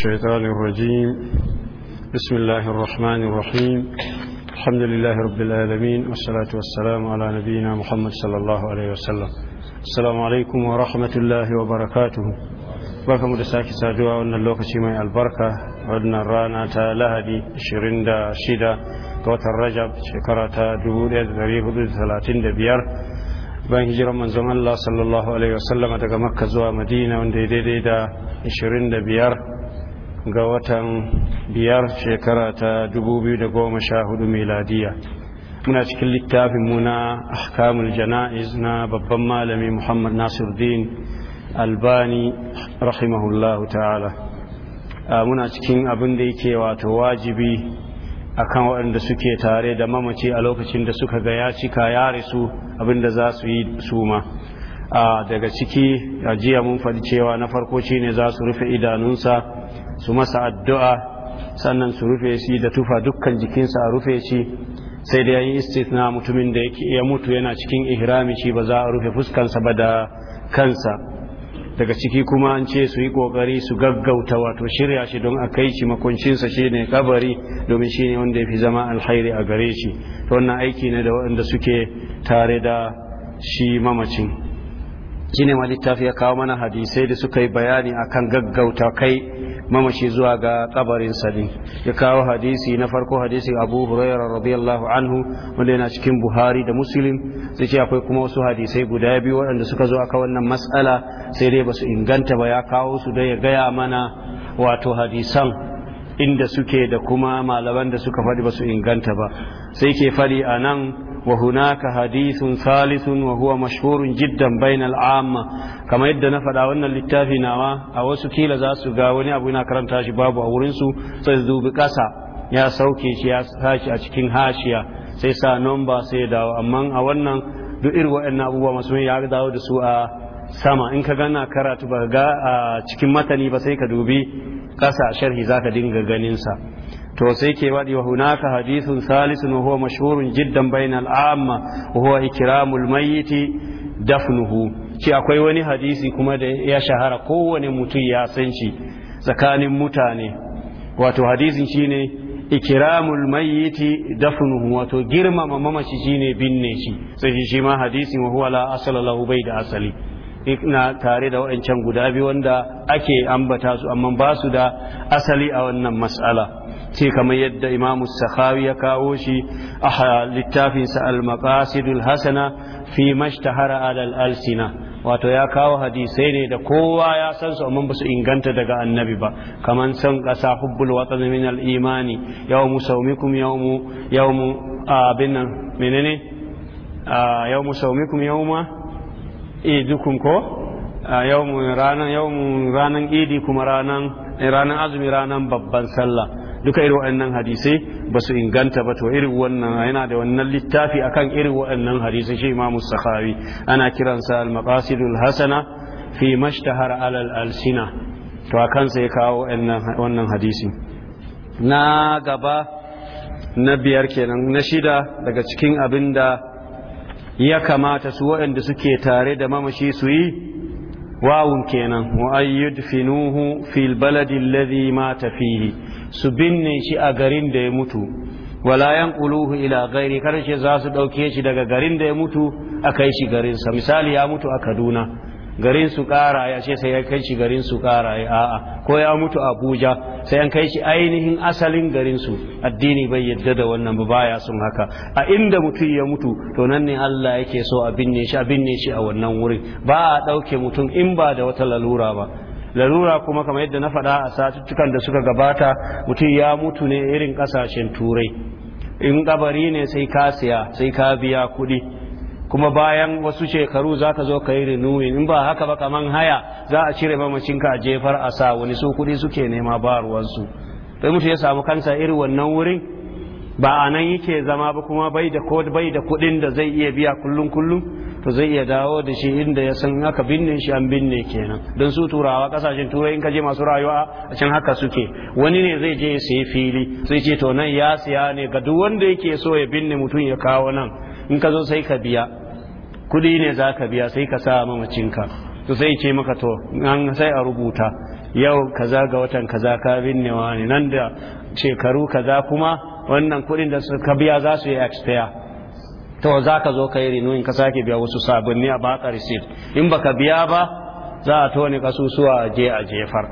الشيطان الرجيم بسم الله الرحمن الرحيم الحمد لله رب العالمين والصلاة والسلام على نبينا محمد صلى الله عليه وسلم السلام عليكم ورحمة الله وبركاته da sake saduwa wannan lokaci mai albarka wannan rana ta lahadi 26 ga watan rajab shekara ta 1435 bayan hijirar manzon Allah sallallahu alaihi wasallama daga makka zuwa madina wanda ya daidai da 25 ga watan biyar shekara ta 2014 miladiya muna cikin littafin muna ahkamul jana'iz na babban malami muhammad nasiruddin albani rahimahullahu ta'ala muna cikin abin da yake wato wajibi akan waɗanda suke tare da mamaci a lokacin da suka ga ya cika ya rasu abin da za su yi suma daga ciki a jiya mun faɗi cewa na farko shine za su rufe idanunsa su masa addu'a sannan su rufe shi da tufa dukkan jikinsa a rufe shi sai da yayi na mutumin da yake ya mutu yana cikin ihrami shi ba za a rufe fuskansa ba da kansa daga ciki kuma an ce su yi kokari su gaggauta wato shirya shi don a kai shi makuncinsa shi ne kabari domin shi ne wanda ya fi zama alhairi a gare shi to wannan aiki ne da waɗanda suke tare da shi mamacin shi ne littafi ya kawo mana hadisai da suka yi bayani akan gaggauta kai mamashi zuwa ga kabarin sadi ya kawo hadisi na farko hadisi abu hurairah radiyallahu anhu wanda yana cikin buhari da muslim sai ce akwai kuma wasu hadisai guda biyu waɗanda suka zo aka wannan matsala sai dai basu inganta ba ya kawo su da ya gaya mana wato hadisan inda suke da kuma malaman da suka faɗi basu inganta ba sai ke faɗi a nan وهناك حديث ثالث وهو مشهور جدا بين العامة كما يدى نفد أولنا للتافي نوا أوسو كيلا زاسو غاوني أبونا كرم تاشي بابو أورنسو سيزدو بكاسا يا سوكي يا هاشي أشكين هاشيا سيسا نمبا سيدا أمان أولنا دوئر وإن waɗannan abubuwa masu ya dawo sama in ka gana karatu ba ga a cikin matani ba sai ka dubi ƙasa sharhi za ka dinga sa to sai ke wadi wa hunaka hadithun salisun huwa mashhurun jiddan bainal amma wa huwa ikramul mayyiti dafnuhu ce akwai wani hadisi kuma da ya shahara kowane mutum ya san shi tsakanin mutane wato hadisin shine ikiramul mayyiti dafnuhu wato girmama mamaci shine binne shi sai shi ma hadisin wa huwa la asala lahu bai da asali na tare da waɗancan guda biyu wanda ake ambata su amma ba su da asali a wannan mas'ala ce kamar yadda imamu sakhawi ya kawo shi a littafinsa al-maqasidul hasana fi mashtahara alal alsina wato ya kawo hadisai ne da kowa ya san su amma ba su inganta daga annabi ba kamar san ƙasa hubbul watan min al-imani yawmu saumikum yawmu yawmu abin menene yawmu yawma idukum ko ranar ranan idi kuma ranan azumi ranan babban sallah duka irin waɗannan hadisai ba su inganta ba to irin wannan yana da wannan littafi akan irin wannan hadisai shi Imam Sakhawi ana kiransa al-maqasidul hasana fi mashtahar alal alsina to akan sai kawo wannan hadisi na gaba na biyar kenan na shida daga cikin abinda ya kamata su waɗanda suke tare da mamashi su yi wawun kenan mu'ayyud finuhu fil baladi alladhi mata fihi su binne shi a garin da ya mutu wala quluhu ila ghairi karshe za su dauke shi daga garin da ya mutu a kai shi garinsa misali ya mutu a Kaduna garin su kara ya ce sai ya kai shi garin su kara ya a'a ko ya mutu abuja sai an kai shi ainihin asalin garin su addini bai yadda da wannan ba baya sun haka a inda mutum ya mutu to nan ne Allah yake so a binne shi a binne shi a wannan wurin ba a ɗauke mutum in ba da wata lalura ba Lalura kuma kamar yadda na faɗa a satuttukan da suka gabata mutum ya mutu ne irin ƙasashen turai in kabari ne sai ka siya sai ka biya kuɗi kuma bayan wasu shekaru za ka zo ka yi renewing in ba haka ba kaman haya za a cire mamacinka a jefar a sa wani su kuɗi suke nema ba ruwansu sai mutu ya samu kansa iri wannan wurin ba a nan yake zama ba kuma bai da bai da kuɗin da zai iya biya kullum kullum to zai iya dawo da shi inda ya san haka binne shi an binne kenan don su turawa kasashen turai in ka je masu rayuwa a can haka suke wani ne zai je ya sayi fili sai ce to nan ya siya ne ga duk wanda yake so ya binne mutum ya kawo nan in ka zo sai ka biya kudi ne za ka biya sai ka sa mamacinka to sai ce maka to an sai a rubuta yau kaza ga watan kaza ka binnewa ne nan da shekaru kaza kuma wannan kudin da ka biya za su yi expire to za ka zo ka yi renewing ka sake biya wasu sabonni a baka receipt in baka biya ba za a tone kasusuwa a je a jefar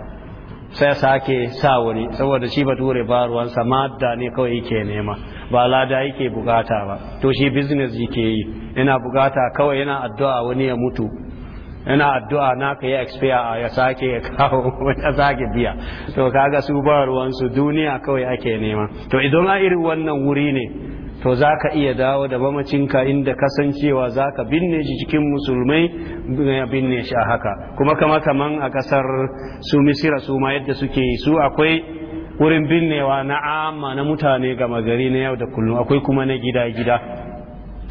sai sake sa wani saboda shi bature ba ruwansa madda ne kawai yake nema ba lada yake bukata ba to shi business yake yi yana bukata kawai yana addu'a wani ya mutu yana addu'a naka ya expire ya sake ya kawo ya sake biya to kaga su ba ruwansu duniya kawai ake nema to idan a irin wannan wuri ne to za ka iya dawo da mamacinka inda kasancewa za ka binne shi cikin musulmai binne shi a haka kuma kama kaman a kasar su misira su ma yadda suke yi su akwai wurin binnewa na amma na mutane gama gari na yau da kullum akwai kuma na gida-gida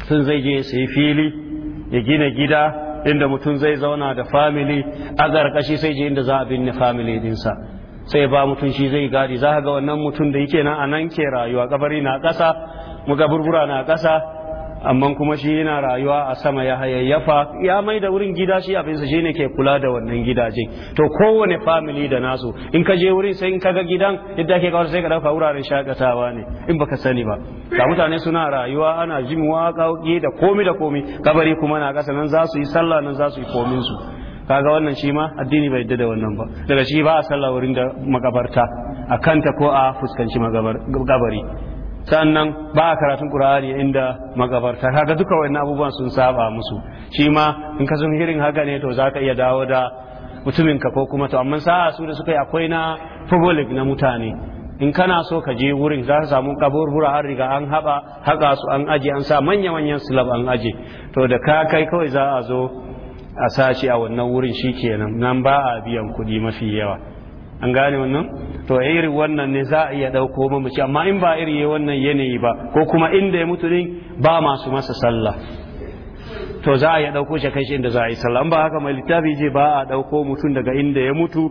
sun zai je su yi fili ya gina gida inda mutum zai zauna da famili a ƙarƙashi sai je inda za a binne famili dinsa sai ba mutum shi zai gadi za ga wannan mutum da yake nan a ke rayuwa kabari na ƙasa muga burbura na kasa. amma kuma shi yana rayuwa a sama ya hayayyafa ya mai da wurin gida shi abinsa shi ne ke kula da wannan gidaje to kowane family da nasu in ka je wurin sai in ka gidan yadda ke kawar sai ka dauka wuraren shakatawa ne in baka sani ba ga mutane suna rayuwa ana jin waƙoƙi da komi da komi kabari kuma na kasa nan za su yi sallah nan za su yi komin su kaga wannan shi ma addini bai yadda wannan ba daga shi ba a sallah wurin da makabarta a kanta ko a fuskanci makabari sannan ba a karatun ƙura'ari inda magabarta kaga duka wannan abubuwan sun saba musu shi ma in ka sun hirin haka ne to za ka iya dawo da mutuminka ko kuma to amma sa'a su da suka yi akwai na public na mutane in kana so ka je wurin za ka samu kaburbura an riga an haba haka su an aje an sa manya manyan slab an aje to da ka kai kawai za a zo a sashi a wannan wurin shikenan nan ba a biyan kuɗi mafi yawa an gane wannan to irin wannan ne za a iya ɗauko mamaci amma in ba iri wannan yanayi ba ko kuma inda ya mutu din ba masu masa sallah to za a iya ɗauko shi kai shi inda za a yi sallah ba haka mai littafi je ba a ɗauko mutum daga inda ya mutu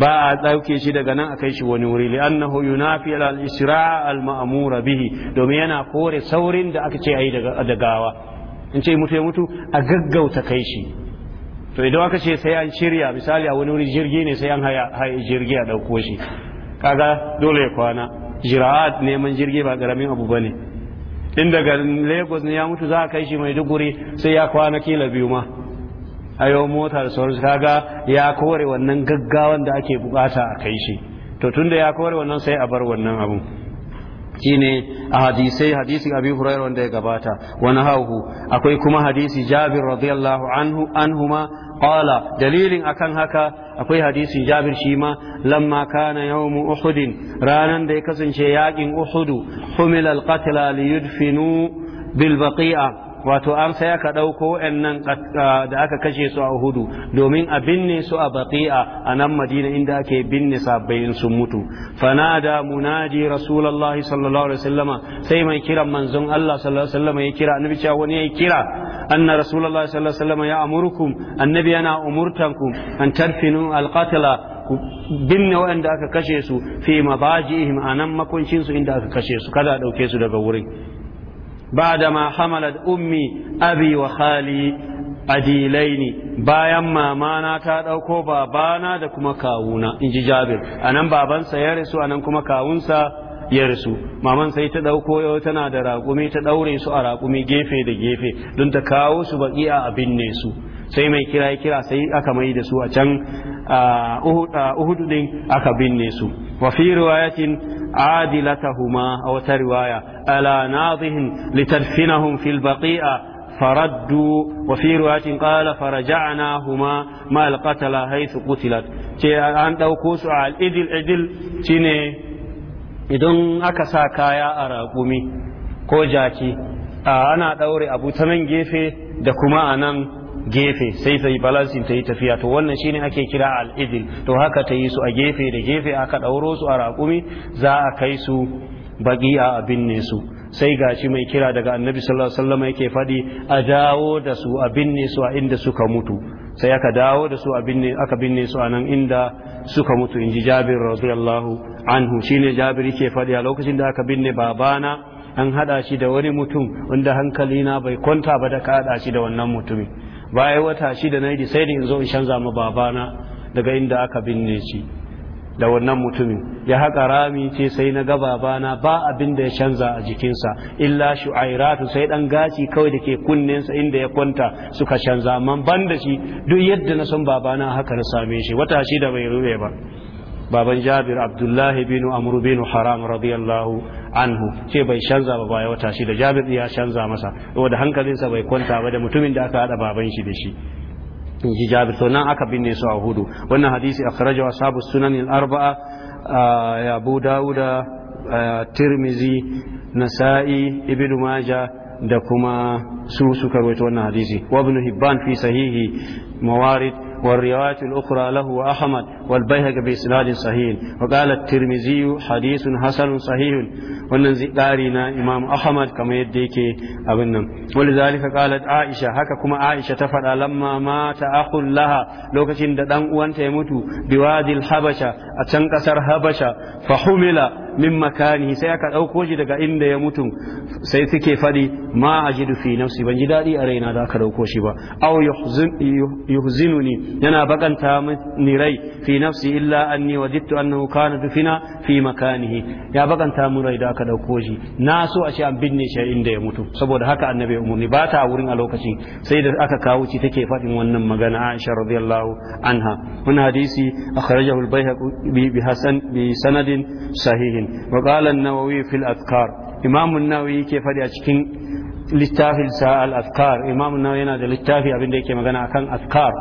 ba a ɗauke shi daga nan a kai shi wani wuri li'annahu yunafi al-isra al-ma'mura bihi domin yana kore saurin da aka ce ayi daga gawa in ce mutu ya mutu a gaggauta kai shi to idan aka ce sai an shirya misali a wani wuri jirgi ne sai an haye jirgi a ɗauko shi kaga dole ya kwana jira'at neman jirgi ba ƙaramin abu ba ne in daga lagos ne ya mutu za a kai shi mai duguri sai ya kwana kila biyu ma A yau mota da sauransu kaga ya kore wannan gaggawan da ake bukata a kai shi to tunda ya kore wannan sai a bar wannan abun shine a hadisai hadisin abi hurairah wanda ya gabata wani hauhu akwai kuma hadisi jabir radiyallahu anhu anhuma qala dalilin akan haka akwai hadisin jabir shima lamma kana yawmu uhudin ranan da ya kasance yakin uhudu humila alqatla li yudfinu bil baqi'a wato an sai aka ɗauko wa'annan da aka kashe su a hudu domin a binne su a baqi'a a nan madina inda ake binne sabbin sun mutu fanada munadi rasulullahi sallallahu alaihi wasallama sai mai kiran manzon Allah sallallahu alaihi wasallama ya kira annabi cewa wani ya kira anna rasulullahi sallallahu alaihi wasallama ya amurukum annabi yana umurtankum an tarfinu alqatala ku binne waɗanda aka kashe su fi mabajihim anan makuncin su inda aka kashe su kada a ɗauke su daga wurin بعدما حملت أمي أبي وخالي adilaini bayan mamana ta ɗauko babana da kuma kawuna in ji jabir a nan babansa ya rasu a nan kuma kawunsa ya rasu maman sai ta ɗauko yau tana da raƙumi ta ɗaure su a raƙumi gefe da gefe don ta kawo su baƙi a abin ne su sai mai kira kira sai aka mai da su a can uhudu din aka binne su wa fi riwayatin عادلتهما أو رواية ألا ناضهم لتدفنهم في البقيئة فردوا وفي رواية قال فرجعناهما ما القتل حيث قتلت أن دوكوس على الإدل إدل تيني إذن أكسا كايا أراقومي ko jaki ana ɗaure abu ta nan gefe da kuma a nan gefe sai ta yi balancing ta yi tafiya to wannan shine ake kira al'idil to haka ta yi su a gefe da gefe aka ɗauro su a raƙumi za a kai su baƙi a binne su sai gashi mai kira daga annabi sallallahu alaihi wasallam yake faɗi a dawo da su a binne su a inda suka mutu sai aka dawo da su a binne aka binne su a nan inda suka mutu inji Jabir radiyallahu anhu shine Jabir yake faɗi a lokacin da aka binne babana an haɗa shi da wani mutum wanda hankalina bai kwanta ba da ka haɗa shi da wannan mutumin bayan wata shida na yi sai da in zo in canza ma babana daga inda aka binne shi da wannan mutumin ya haƙa rami ce sai na ga babana ba abin da ya canza a jikinsa illa shu'airatu sai ɗan gaci kawai da ke kunnensa inda ya kwanta suka canza man ban da shi duk yadda na san babana haka na same shi wata shida bai ruwe ba baban jabir abdullahi binu amru binu haram radiyallahu anhu ce bai canza ba ya wata shi da jabir ya canza masa saboda hankalinsa bai kwanta ba da mutumin da aka hada baban shi da shi inji jabir to nan aka binne su a hudu wannan hadisi akhrajahu ashabu sunan al-arba'a eh, ya abu dauda eh, tirmizi nasa'i ibnu maja da kuma su suka rawaito wannan hadisi wa ibn hibban fi sahihi mawarid والروايات الأخرى له أحمد والبيهقي بإسناد صحيح وقال الترمذي حديث حسن صحيح وننزي قارنا إمام أحمد كما يديك أبنا ولذلك قالت عائشة هكا كما عائشة تفعل لما مات أخ لها لو كتن دان وانت يموت بوادي الحبشة أتنكسر حبشة فحمل min makani sai aka ɗauko shi daga inda ya mutu sai suke faɗi ma a ji dufi nafsi ban ji daɗi a raina da aka ɗauko shi ba au yuhzinuni yana bakanta ni rai fi fi nafsi illa anni wajidtu annahu kana dufina fi makanihi ya bakanta mun rai da aka dauko shi na so a ce an binne shi inda ya mutu saboda haka annabi umurni ba ta wurin a lokaci sai da aka kawo ci take faɗin wannan magana Aisha radiyallahu anha wannan hadisi akhrajahu al-Baihaqi bi hasan bi sanadin sahihin wa qala an-Nawawi fil azkar Imam an-Nawawi yake faɗi a cikin littafin sa al-azkar Imam an-Nawawi yana da littafi abin da yake magana akan azkar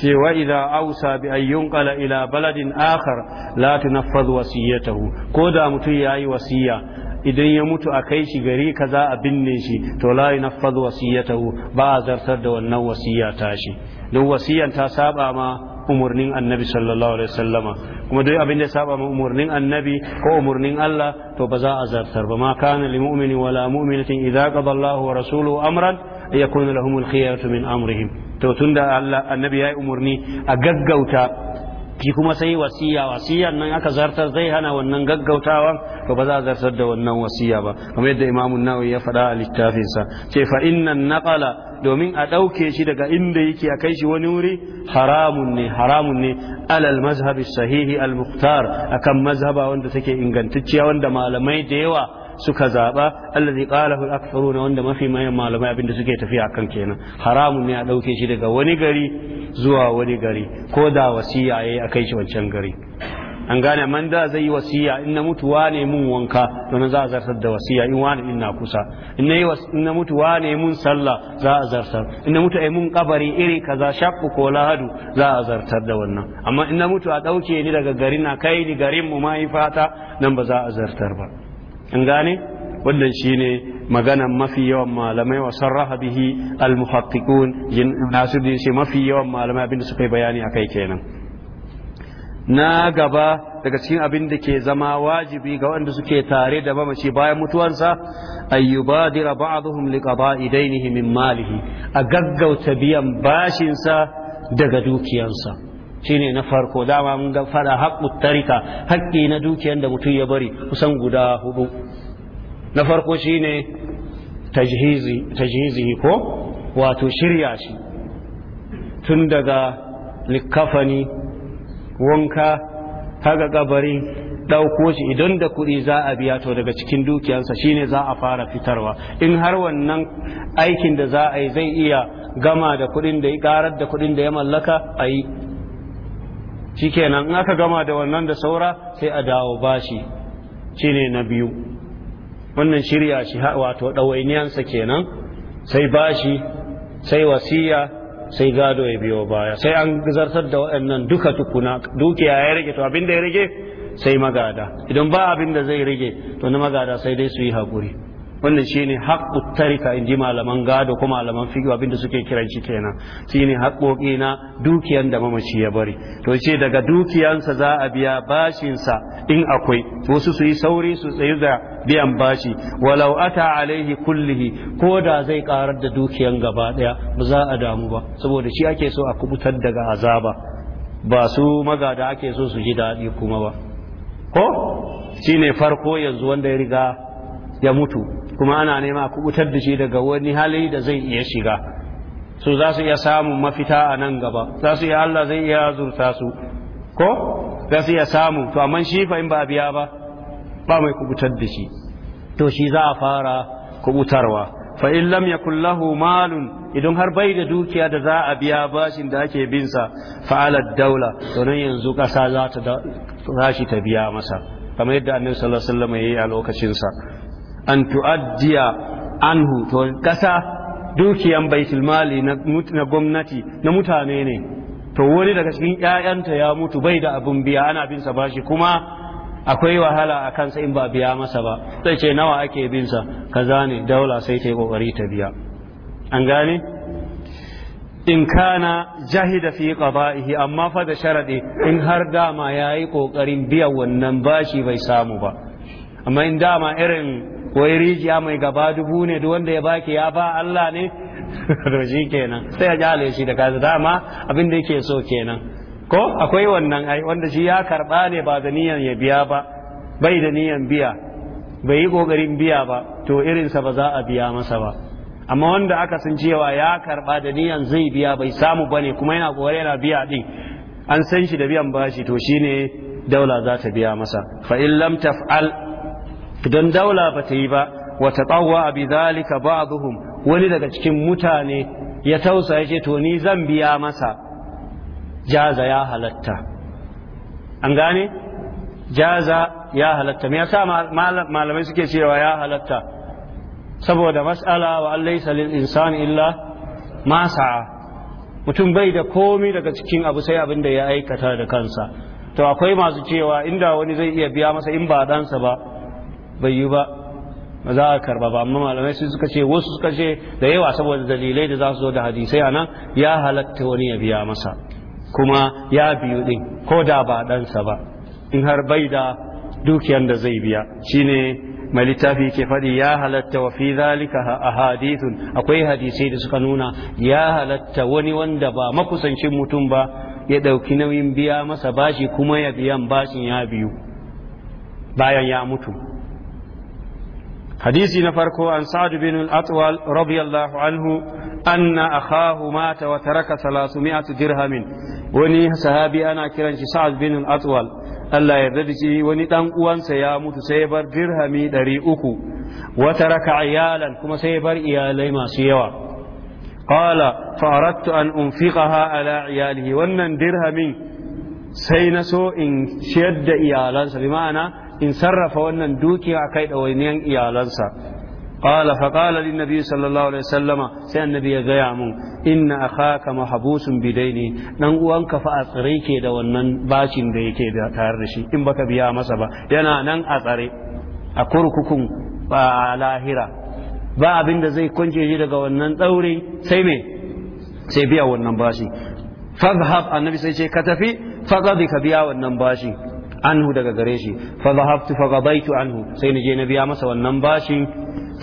ce wa idza ausa bi an yunqala ila baladin akhar la tunaffadh wasiyatahu ko da mutum yayi wasiya idan ya mutu a kai shi gari za a binne shi to la yunaffadh wasiyatahu ba a zartar da wannan wasiya ta shi don wasiyan ta saba ma umurnin annabi sallallahu alaihi wasallama kuma duk abin da saba ma umurnin annabi ko umurnin Allah to ba za a zartar ba ma kana lil mu'mini wala mu'minatin idza qada wa rasuluhu amran yakunu lahumul khiyaratu min amrihim to tunda Allah annabi yayi umurni a gaggauta ki kuma sai wasiya wasiyan nan aka zartar zai hana wannan gaggautawa to ba za a zartar da wannan wasiya ba kamar yadda imamun nawawi ya faɗa a littafinsa ce fa innan naqala domin a ɗauke shi daga inda yake a kai shi wani wuri haramun ne haramun ne alal mazhabi sahihi al muhtar akan mazhaba wanda take ingantacciya wanda malamai da yawa suka zaɓa allazi qalahu al na wanda mafi mayan malamai abinda suke tafiya kan kenan haramun ne a ɗauke shi daga wani gari zuwa wani gari ko da wasiya yayi a kai shi wancan gari an gane man da zai yi wasiya in na mutu wane mun wanka to za a zartar da wasiya in wani in na kusa in na in na mutu wane mun sallah za a zartar in na mutu ai mun kabari iri kaza shakku ko lahadu za a zartar da wannan amma in na mutu a dauke ni daga garin na kai ni garin mu mai fata nan ba za a zartar ba an gane wannan shine maganan mafi yawan malamai wa sarraha bihi al-muhaqqiqun nasiruddin shi mafi yawan malamai abinda suka yi bayani akai kenan na gaba daga cikin abin da ke zama wajibi ga wanda suke tare da mamaci bayan mutuwansa ayyubadira ba'dhum liqada'i dainihi min malihi a gaggauta biyan bashinsa daga dukiyansa shine na farko dama mun ga fara haqqut tarika haƙƙi na dukiyar da mutum ya bari kusan guda hudu na farko shine tajhizi ko wato shirya shi tun daga likafani wanka haga kabari ɗauko shi idan da kuɗi za a biya to daga cikin dukiyarsa shine za a fara fitarwa in har wannan aikin da za a yi zai iya gama da kuɗin da ya ƙarar da kuɗin da ya mallaka a yi shikenan in aka gama da wannan da saura sai a dawo bashi shine na biyu wannan shirya shi wato ɗawainiyansa kenan sai bashi sai wasiya sai gado ya biyo baya sai an zartar da waɗannan duka tukuna dukiya ya rage to abin da ya rage sai magada idan ba abin da zai rage to na magada sai dai su yi haƙuri wannan shi ne haqqut tarika in ji malaman gado ko malaman fiqh abinda suke kiran shi kenan shine haƙoƙi na dukiyan da mamaci ya bari to ce daga dukiyansa za a biya bashinsa in akwai wasu su yi sauri su tsayu da biyan bashi walau ata alaihi kullihi ko da zai karar da dukiyan gaba daya ba za a damu ba saboda shi ake so a kubutar daga azaba ba su magada ake so su ji daɗi kuma ba ko shi ne farko yanzu wanda ya riga ya mutu kuma ana nema kubutar da shi daga wani hali da zai iya shiga su za su iya samun mafita a nan gaba za su iya Allah zai iya zurta su ko za su iya samu to amma shi fa in ba biya ba ba mai kubutar da shi to shi za a fara kubutarwa fa in lam yakul lahu malun idan har bai da dukiya da za a biya bashin da ake bin sa fa'alar daula to nan yanzu kasa za ta shi ta biya masa kamar yadda annabi sallallahu alaihi wasallam yayi a lokacin sa an tu'addiya anhu to kasa dukiyan baitul mali na gwamnati na mutane ne to wani daga cikin ƴaƴanta ya mutu bai da abun biya ana bin sa bashi kuma akwai wahala a kansa in ba biya masa ba zai ce nawa ake bin sa kaza ne daula sai ta yi kokari ta biya an gane in kana jahida fi qada'ihi amma fa da sharadi in har dama yayi kokarin biyan wannan bashi bai samu ba amma in dama irin wai rijiya mai gaba dubu ne duk wanda ya baki ya ba Allah ne to shi kenan sai ya jale shi da kaza dama abin da yake so kenan ko akwai wannan ai wanda shi ya karba ne ba da niyan ya biya ba bai da niyan biya bai yi kokarin biya ba to irinsa ba za a biya masa ba amma wanda aka san cewa ya karba da niyan zai biya bai samu bane kuma yana kokari yana biya din an san shi da biyan bashi to shine daula za ta biya masa fa in lam taf'al idan daula ba ta yi ba wa a bi zalika ba'dhum wani daga cikin mutane ya tausa ya ce to ni zan biya masa jaza ya halatta an gane jaza ya halatta me yasa malamai suke cewa ya halatta saboda mas'ala wa allai lil insan illa masa mutum bai da komi daga cikin abu sai abin da ya aikata da kansa to akwai masu cewa inda wani zai iya biya masa in ba dansa ba bai yi ba za a karba ba amma malamai su suka ce wasu suka ce da yawa saboda dalilai da za su zo da hadisai a nan ya halatta wani ya biya masa kuma ya biyu ɗin ko da ba ɗansa ba in har bai da dukiyar da zai biya shine mai littafi ke faɗi ya halatta wa fi zalika a hadithun akwai hadisai da suka nuna ya halatta wani wanda ba makusancin mutum ba ya ɗauki nauyin biya masa bashi kuma ya biyan bashin ya biyu bayan ya mutu hadisi na farko an sa'ad bin al-atwal radiyallahu anhu anna akhahu mata wa taraka 300 dirhamin wani sahabi ana kiran shi sa'ad bin al-atwal Allah ya yarda wani dan uwansa ya mutu sai bar dirhami 300 wata raka iyalan kuma sai bar iyalai masu yawa an قال فأردت أن أنفقها على عياله وأن درهم سينسو إن شد إيالان بمعنى in sarrafa wannan a kai ɗawainiyan iyalansa قال فقال للنبي صلى الله عليه وسلم سي النبي يا غيا من ان اخاك محبوس بديني dan uwanka fa a tsare ke da wannan bacin da yake da tare da shi in baka biya masa ba yana nan a tsare a kurkukun ba a lahira ba abinda zai kunje shi daga wannan daure sai me sai biya wannan bashi fadhhab annabi sai ce ka tafi faqadi ka biya wannan bashi anhu daga gare shi fa zahabtu fa ghadaitu anhu sai na je na biya masa wannan bashin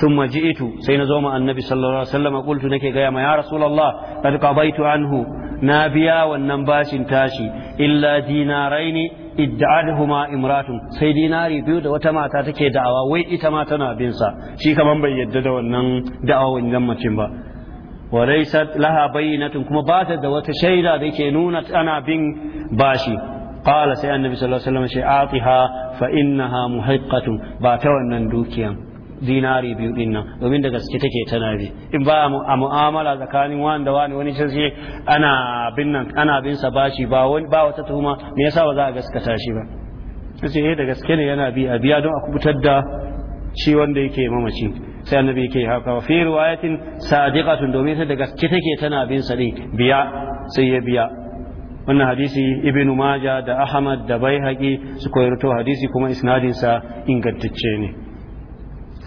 thumma ji'tu sai na zo ma annabi sallallahu alaihi wasallam qultu nake ga ma ya rasulullah qad qadaitu anhu na biya wannan bashin tashi illa dinaraini idda'adhuma imratun sai dinari biyu da wata mata take da'awa wai ita ma tana bin sa shi kaman bai yadda da wannan da'awa wannan macin ba wa laysat laha bayyinatun kuma ba da wata shaida da ke nuna tana bin bashi qala sai annabi sallallahu alaihi عليه وسلم شي fa فانها محقه ba ta wannan dukiyan dinari biyu din nan domin da gaske take tana bi in ba a mu'amala tsakanin wani da wani wani sai ana bin nan ana bin sa bashi ba wani ba wata tuhuma me yasa ba za a gaskata shi ba sai da gaske ne yana bi a biya don a kubutar da shi wanda yake mamaci sai annabi yake haka wa fi riwayatin sadiqatun domin ta da gaske take tana bin sa biya sai ya biya wannan hadisi ibn maja da ahmad da baihaqi su koyarto hadisi kuma isnadinsa ingantacce ne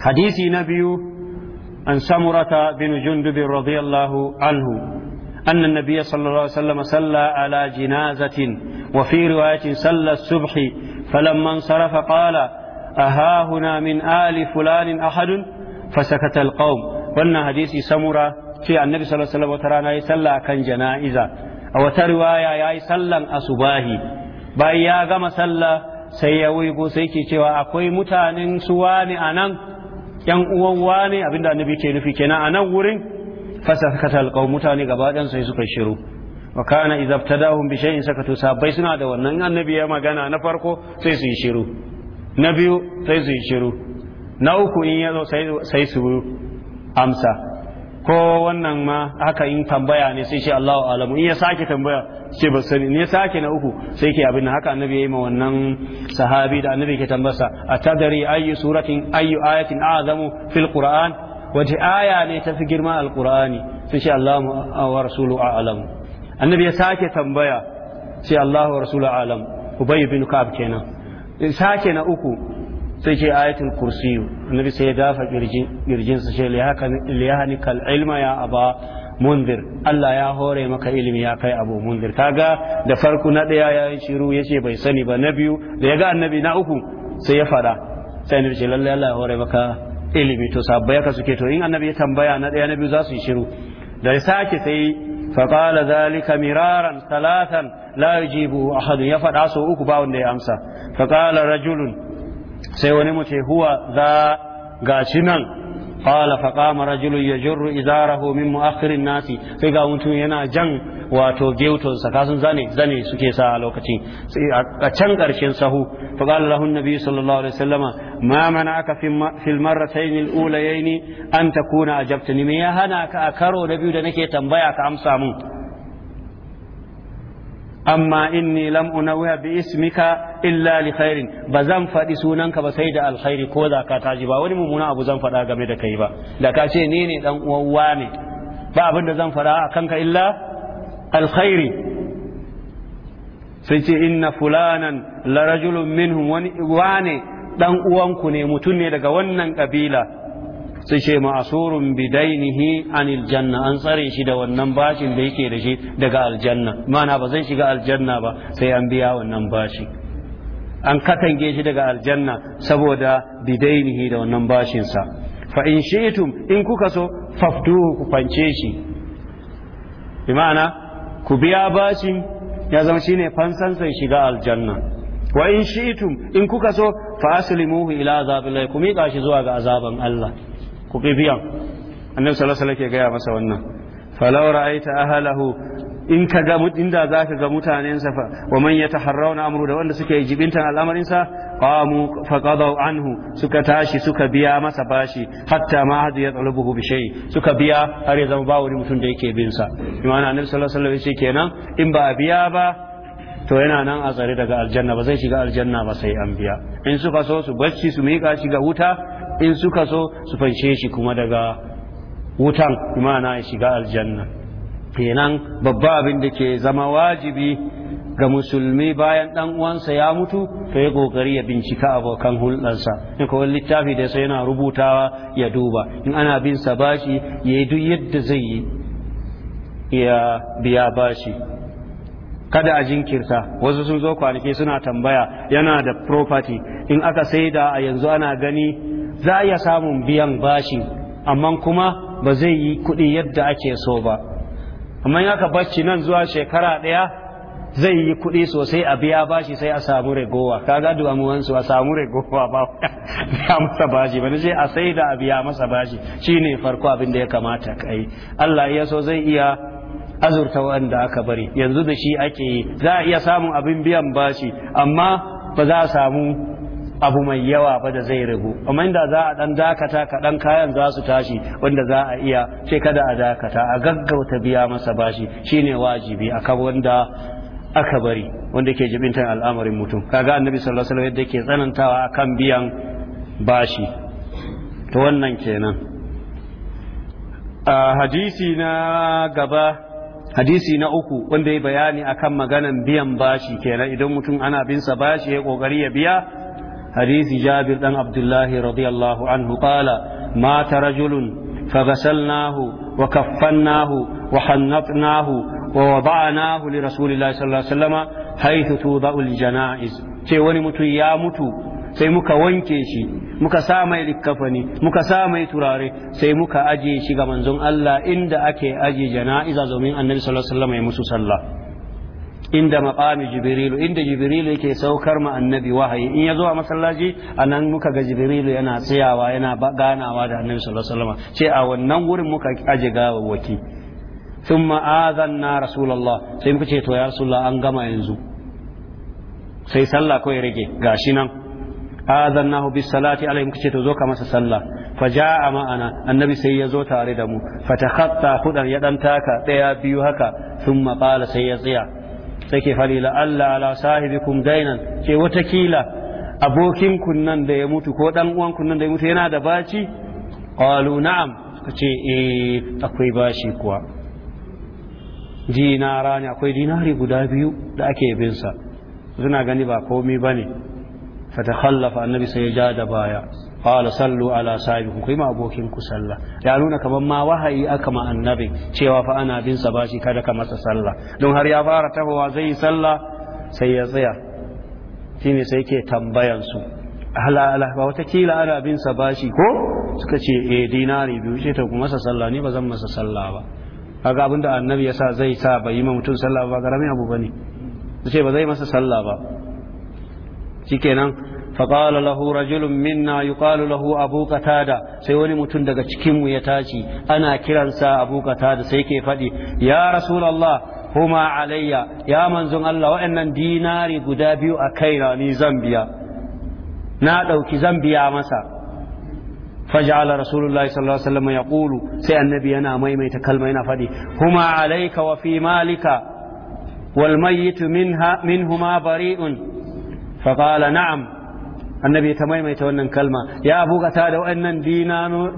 hadisi na biyu an samurata bin jundub radiyallahu anhu أن النبي صلى الله عليه وسلم صلى على جنازة وفي رواية صلى الصبح فلما انصرف قال أهاهنا من آل فلان أحد فسكت القوم وأن حديث سمرة في النبي صلى الله عليه وسلم وترانا يسلى كان جنائزة a wata riwaya ya yi sallan asubahi bayan ya gama sallah sai ya waigo sai ke cewa akwai mutanen su wani a nan yan uwan wani abinda annabi ke nufi kenan a nan wurin fasa alqaum mutane gaba ɗan sai suka shiru wa kana izabta dahun bishe in sakatu sabai suna da wannan annabi ya magana na farko sai su yi shiru na biyu sai su yi shiru na uku in yazo sai su amsa ko wannan ma haka in tambaya ne sai shi Allahu alamu in ya sake tambaya sai ba sani ne sake na uku sai ke abin haka annabi yayi ma wannan sahabi da annabi ke tambasa atadari ayyu suratin ayyu ayatin azamu fil qur'an wace aya ne tafi girma alqur'ani sai shi Allahu wa rasulu a'lamu annabi ya sake tambaya sai Allahu wa rasulu a'lamu ubay bin ka'ab kenan sake na uku sai ce ayatul kursi annabi sai ya dafa kirjin sa ce liyahani kal ilma ya aba mundir Allah ya hore maka ilimi ya kai abu mundir kaga da farko na daya ya yi shiru ya ce bai sani ba na biyu da ya ga annabi na uku sai ya fada sai annabi ce lallai Allah ya hore maka ilimi to sabbaya ka suke to in annabi ya tambaya na daya na biyu za su yi shiru da ya sake sai فقال ذلك مرارا ya لا يجيبه uku ba wanda ya ya amsa فقال rajulun sai wani mu huwa za gashi nan qala fa qama rajulun yajurru izarahu min mu'akhirin nasi sai ga mutum yana jan wato gewton sa kasan zane zane suke sa a lokaci. sai a can karshen sahu fa qala lahu annabi sallallahu alaihi wasallama ma mana'aka fi al al-ulayayn an takuna ajabtani me ya hana ka a karo da biyu da nake tambaya ka amsa mun amma inni lam unawwiha bi ismika illa li khairin ba zan faɗi sunanka ba sai da alkhairi ko zaka ka taji ba wani mummuna abu zan faɗa game da kai ba da ka ce ni ne dan uwan ne ba abin da zan faɗa a kanka illa alkhairi sai ce inna fulanan la rajulun minhum wani wane dan uwanku ne mutum ne daga wannan kabila sai ce ma'asurun bidainihi anil janna an tsare shi da wannan bashin da yake da shi daga aljanna mana ba zai shiga aljanna ba sai an biya wannan bashi an katange shi daga aljanna saboda bidainihi da wannan bashinsa fa in shi'tum in kuka so faftu ku fance shi bi ma'ana ku biya bashin ya zama shine fansansa shiga aljanna wa in shi'tum in kuka so fa aslimuhu ila azabillahi ku miƙa shi zuwa ga azaban Allah huqifiyan annabi sallallahu alaihi ke gaya masa wannan falau ra'aita ahlahu in ka ga inda za ka ga mutanensa wa man ya amru da wanda suke jibintan al'amarinsa qamu faqadaw anhu suka tashi suka biya masa bashi hatta ma hadu ya talabuhu bi shay suka biya har ya zama ba wani mutum da yake bin sa imana annabi sallallahu alaihi wasallam kenan in ba a biya ba to yana nan a tsare daga aljanna ba zai shiga aljanna ba sai an biya in suka so su bacci su miƙa shiga wuta in suka so su fanshe shi kuma daga wutan imana ya shiga aljanna kenan babba abin da ke zama wajibi ga musulmi bayan dan uwansa ya mutu to ya kokari ya bincika abokan hulɗarsa in kawai littafi da sai yana rubutawa ya duba in ana bin sa bashi ya yi duk yadda zai yi ya biya bashi kada a jinkirta wasu sun zo kwanaki suna tambaya yana da property in aka saida a yanzu ana gani za a iya samun biyan bashi amma kuma ba zai yi kuɗi yadda ake so ba amma in aka bacci nan zuwa shekara ɗaya zai yi kuɗi sosai a biya bashi sai a samu ragowa kaga du'amuwansu a samu ragowa ba biya masa bashi ba sai a sai da a biya masa bashi Shi ne farko abin da ya kamata kai Allah ya so zai iya azurta wanda aka bari yanzu da shi ake yi za a iya samun abin biyan bashi amma ba za a samu abu mai yawa ba da zai ragu amma inda za a dan dakata kaɗan kayan za su tashi wanda za a iya sai kada a dakata a gaggauta biya masa bashi shine wajibi akan wanda aka bari wanda ke jibintan al'amarin mutum kaga annabi sallallahu alaihi wasallam yadda tsanantawa akan biyan bashi to wannan kenan a hadisi na gaba hadisi na uku wanda ya bayani akan maganan biyan bashi kenan idan mutum ana bin bashi ya kokari ya biya حديث جابر بن عبد الله رضي الله عنه قال مات رجل فغسلناه وكفناه وحنطناه ووضعناه لرسول الله صلى الله عليه وسلم حيث توضع الجنائز ce wani mutum ya mutu sai muka wanke shi muka sa mai likkafani muka sa mai turare sai muka aje shi ga manzon Allah inda ake aje jana'iza domin annabi sallallahu alaihi wasallam ya musu sallah inda maqami jibrilu inda jibrilu yake saukar ma annabi wahayi in ya zo a masallaci anan muka ga jibrilu yana tsayawa yana ganawa da annabi sallallahu alaihi wasallam ce a wannan wurin muka aje gawawwaki thumma azanna rasulullah sai muka ce to ya rasulullah an gama yanzu sai sallah kawai rage gashi nan azannahu bis salati alaihi muka ce to zo ka masa sallah faja'a ma'ana annabi sai ya zo tare da mu takhatta hudan ya dan taka daya biyu haka thumma qala sai ya tsaya take fari la'alla ala sahibikum dainan ce watakila abokin kunnan da ya mutu ko dan uwan kunnan da ya mutu yana da baci qalu na'am suka ce eh akwai bashi kuwa dinara ne akwai dinari guda biyu da ake bin sa suna gani ba komai bane fa takhallafa annabi sai ya ja da baya qala sallu ala sahibikum ku yi ma abokin ku sallah ya nuna kaman ma wahayi aka ma annabi cewa fa ana bin sa bashi kada ka masa sallah don har ya fara tahowa zai yi sallah sai ya tsaya shine sai ke tambayan su ala ala ba wata kila ana bin sa bashi ko suka ce eh dinari biyu ce ta ku masa sallah ni ba zan masa sallah ba kaga abinda annabi ya sa zai sa bai yi ma mutum sallah ba garamin abu bane ce ba zai masa sallah ba shikenan faƙala lahu rajulun minna yuqalu lahu abu qatada sai wani mutum daga cikin mu ya tashi ana kiransa abu qatada sai ke faɗi ya rasulullah huma alayya ya manzon Allah wa'annan dinari guda biyu a kaina ni zambiya na ɗauki zambiya masa faj'ala rasulullahi sallallahu alaihi wasallam yaqulu sai annabi yana maimaita kalma yana faɗi huma alayka wa fi malika wal mayyit minha minhuma bari'un فقال نعم annabi ta maimaita wannan kalma ya bukata da wannan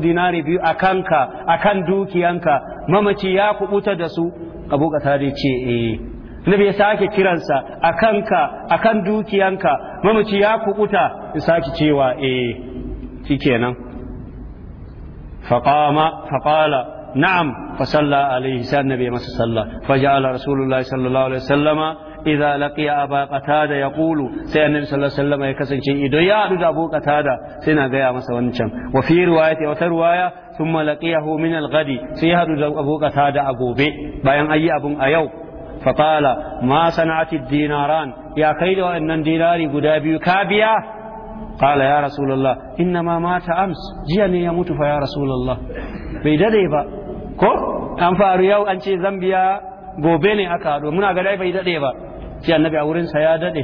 dinari biyu a kanka a kan dukiyanka mamaci ya kubuta da su abu ka da ce eh annabi ya sake kiransa a kanka a kan dukiyanka mamaci ya kubuta ya sake cewa eh shikenan faqama faqala na'am fa salla alaihi sai annabi masa Sallah. fa ja'ala rasulullahi sallallahu alaihi wasallama idza laqiya aba qatada yaqulu sai annabi sallallahu alaihi wasallam ya kasance idan ya hadu da abu qatada sai na gaya masa wancan wa fi riwayati wata riwaya thumma laqiyahu min al-ghadi sai ya hadu da abu qatada a gobe bayan ayi abun a yau faqala ma sana'ati dinaran ya kai da wannan dinari guda biyu ka biya قال يا رسول الله إنما مات أمس جيني يموت فيا رسول الله بيدري با كو أنفار يو أنشي ذنبيا gobe ne aka haɗu muna ga dai bai daɗe ba sai annabi a wurinsa ya daɗe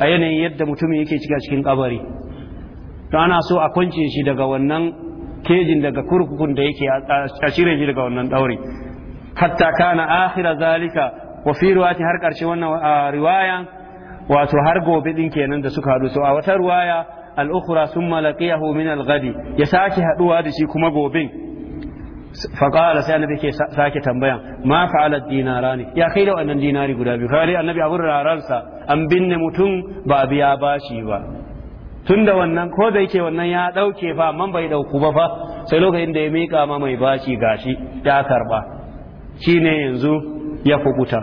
a yanayin yadda mutumin yake cika cikin kabari to ana so a kwance shi daga wannan kejin daga kurkukun da yake a cire shi daga wannan ɗauri hatta kana akhira zalika wa fi riwayati har karshe wannan riwaya wato har gobe din kenan da suka haɗu so a wata riwaya al-ukhra thumma laqiyahu min al ya sake haɗuwa da shi kuma gobin faƙala sai annabi ke sake tambayan ma fa'ala dinara ne ya kai da wannan dinari guda biyu kare annabi abin rararsa an binne mutum ba biya bashi ba Tunda da wannan ko da yake wannan ya ɗauke fa man bai ɗauku ba fa sai lokacin da ya mika ma mai bashi gashi ya karɓa shine yanzu ya kuta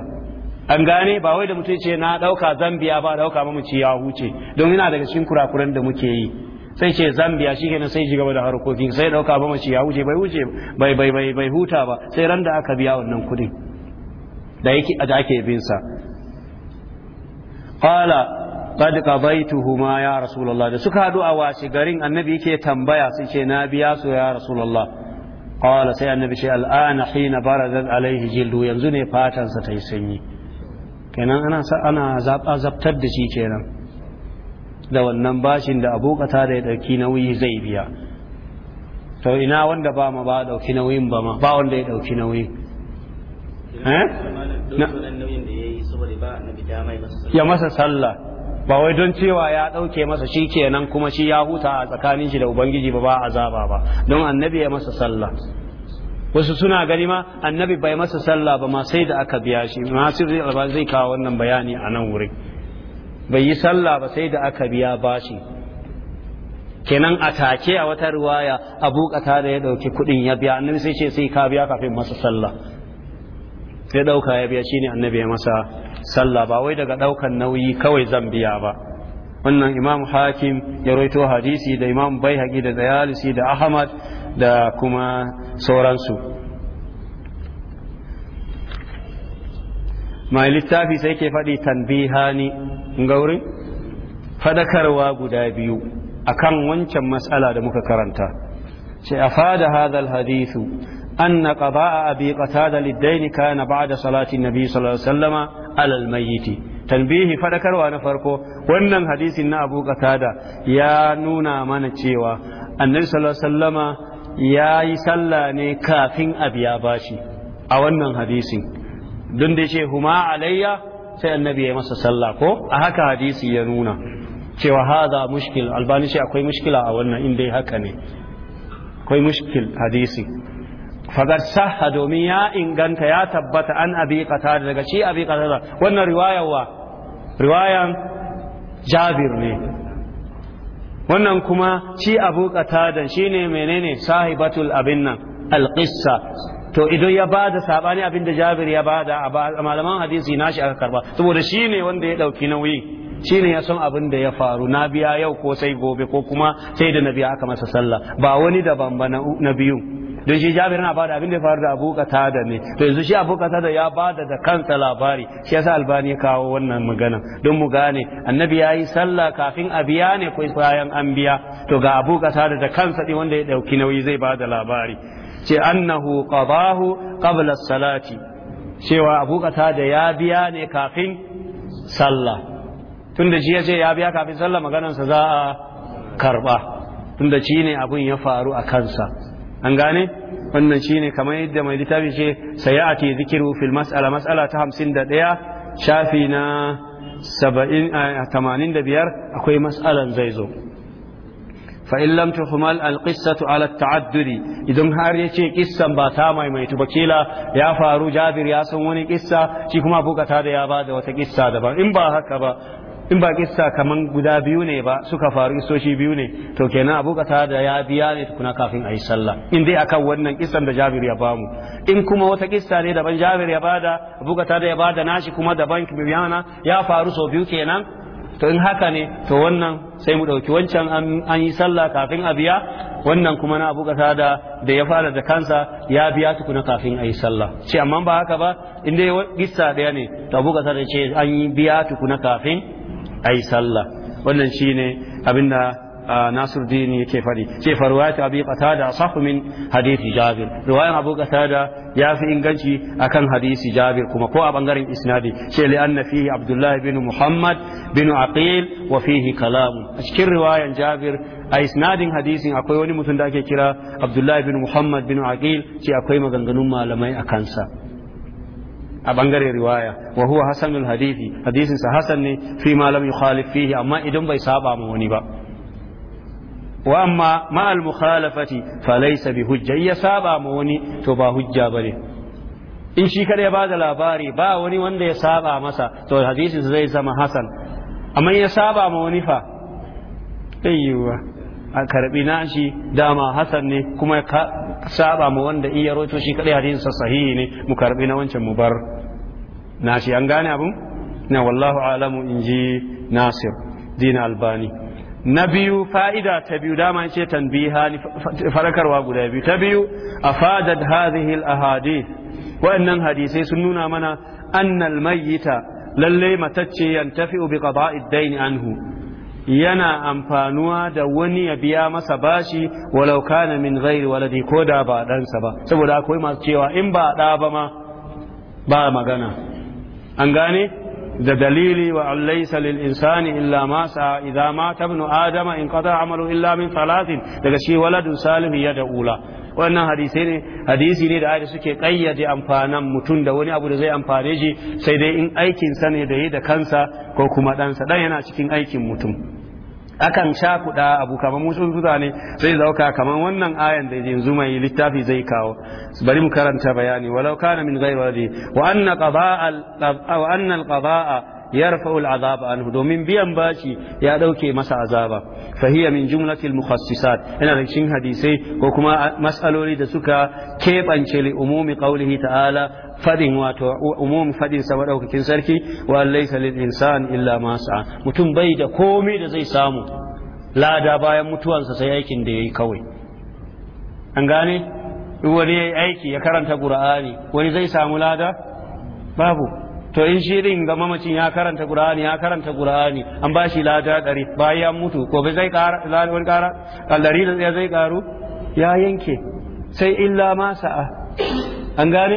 an gane ba wai da mutum ce na ɗauka zan biya ba ɗauka mamaci ya huce don yana daga cikin kurakuran da muke yi sai ce zambiya shikenan sai ji gaba da harkokin sai dauka ba mace ya wuce bai wuce bai bai bai bai huta ba sai ran da aka biya wannan kudin da yake da ake bin sa qala qad qadaytuhuma ya rasulullah da suka hadu a washe garin annabi yake tambaya sai ce na biya su ya rasulullah qala sai annabi ce al'ana hina baradat alaihi jildu yanzu ne fatan sa ta yi sanyi kenan ana ana da shi kenan da wannan bashin da abu kata da ya ɗauki nauyi zai biya to ina wanda ba ma ba ɗauki nauyin ba ma ba wanda ya ɗauki nauyi. Eh? ya masa sallah ba wai don cewa ya ɗauke masa shi kenan kuma shi ya huta a tsakanin shi da ubangiji ba ba zaba ba don annabi ya masa sallah wasu suna gani ma annabi bai masa sallah ba ma sai da aka biya shi masu zai kawo wannan bayani a nan wurin bai yi sallah ba sai da aka biya bashi kenan a take a wata ruwaya abu kata da ya dauki kudin ya biya annabi sai ce sai ka biya kafin masa sallah sai dauka ya biya shine annabi ya masa sallah ba wai daga daukan nauyi kawai zan biya ba wannan imam hakim ya roito hadisi da imam baihaqi da dayalisi da ahmad da kuma sauransu mai littafi sai ke faɗi tanbihani gauri fadakarwa guda biyu akan wancan matsala da muka karanta ce a fada hadal hadithu an na ƙaba a abi ƙasa da liddaini na ba da salatin nabi sallallahu alaihi alal mayiti tanbihi fadakarwa na farko wannan hadisin na abu ƙasa ya nuna mana cewa annabi sallallahu ya yi sallah ne kafin a biya bashi a wannan hadisin don da ce huma alayya sai annabi ya masa sallah ko a haka hadisi ya nuna cewa haza mushkil albani shi akwai mushkila a wannan inda haka ne akwai mushkil hadisi fagar sahha domin ya inganta ya tabbata an abi qatada daga shi abi qatada wannan riwayar wa riwayan jabir ne wannan kuma shi abu qatadan shine menene sahibatul abin nan alqissa to idan ya ba da sabani abin da Jabir ya ba a malaman hadisi na shi aka karba saboda ne wanda ya dauki nauyi shi ne ya san abin da ya faru na biya yau ko sai gobe ko kuma sai da nabiya aka masa sallah ba wani daban ba na biyu don shi Jabir na ba da abin da ya faru da Abu da ne to yanzu shi Abu da ya ba da da kansa labari shi yasa Albani ya kawo wannan magana don mu gane annabi ya yi sallah kafin a biya ne ko bayan an biya to ga Abu kata da da kansa din wanda ya ɗauki nauyi zai ba da labari ce annahu qadahu qabla salati cewa abu da ya biya ne kafin sallah tun da ya ce ya biya kafin sallah maganansa za a karba tunda shi ne abun ya faru a kansa an gane wannan shi ne kamar yadda mai littafi ce sayati zikiru fil mas'ala mas'ala ta hamsin da ɗaya shafi na saba'in a eh, tamanin da biyar akwai mas'alan zai zo fa in humal tuhmal al qissatu idan har yace kissan ba ta maimaitu ba kila ya faru Jabir ya san wani kissa shi kuma bukata da ya bada wata kissa daban in ba haka ba in ba kissa kaman guda biyu ne ba suka faru isoshi biyu ne to kenan abu kata da ya biya ne tukuna kafin a yi sallah in dai akan wannan kissan da jabir ya bamu in kuma wata kissa ne daban jabir ya bada abu kata da ya bada nashi kuma daban kibiyana ya faru sau biyu kenan to in haka ne to wannan sai mu ɗauki wancan an yi sallah kafin a biya wannan kuma na abu kasa da da ya fara da kansa ya biya tukuna kafin a yi sallah ce amma ba haka ba in dai gissa ɗaya ne to abu kasa da ce an yi biya tukuna kafin a yi sallah wannan shine abinda nasiruddin yake fari ce fa riwayat abi qatada sahhu min hadisi jabir riwayan abu qatada ya fi inganci akan hadisi jabir kuma ko a bangaren isnadi ce li anna fihi abdullah bin muhammad bin aqil wa fihi kalam a cikin riwayan jabir a isnadin hadisin akwai wani mutum da ake kira Abdullahi bin muhammad bin aqil ce akwai maganganun malamai a kansa a bangaren riwaya wa huwa hasanul hadisi hadisin sa ne fi ma lam yukhalif amma idan bai saɓa ma wani ba wa amma ma'al mukhalafati fa laysa bi hujja ya saba wani to ba hujja bane in shi kada ya bada labari ba wani wanda ya saba masa to hadisin zai zama hasan amma ya saba wani fa ayyuwa a karbi nashi dama hasan ne kuma ka saba ma wanda iya roto shi kadai hadisin sa ne mu karbi na wancan mu bar nashi an gane abun na wallahu alamu inji nasir din albani na biyu fa'ida ta biyu dama ce tanbiha farakarwa guda biyu ta biyu afadat hadhihi a ahadith waɗannan hadisai sun nuna mana annal mayyita lalle matacce yantafi'u tafi qada'id dayn anhu yana amfanuwa da wani ya biya masa bashi walau kana min ghairi waladi ko da ba ɗansa ba saboda akwai masu cewa in ba ɗa ba ma ba magana an gane da dalili wa laysa lil insani illa ma sa idza mata ibnu adama in kasa amalu illa min salatin daga shi waladun salih ya da ula wannan hadisi ne hadisi ne da ayatu suke kayyade amfanan mutum da wani abu da zai amfane shi sai dai in aikin sa ne da yi da kansa ko kuma ɗansa dan yana cikin aikin mutum akan sha kuɗa abu kamar mu tsuntsuta ne zai zauka kamar wannan ayan da yanzu mai littafi zai kawo bari mu karanta bayani walau kana min ghairi wa anna qada'a wa anna al-qada'a yarfa'ul azaba anhu domin biyan bashi ya ɗauke masa azaba fa min jumlatil mukhassisat ina da cikin hadisai ko kuma mas'aloli da suka keɓance li umumi qaulihi ta'ala fadin wato umumi fadin sa madaukakin sarki wa laysa lil insan illa ma sa'a mutum bai da komai da zai samu lada bayan mutuwansa sai aikin da yayi kawai an gane wani yayi aiki ya karanta qur'ani wani zai samu lada babu to in shi din ga mamacin ya karanta qur'ani ya karanta qur'ani an ba shi lada dare bayan mutu ko bai zai kara wani kara kallari da zai karu ya yanke sai illa ma sa'a an gane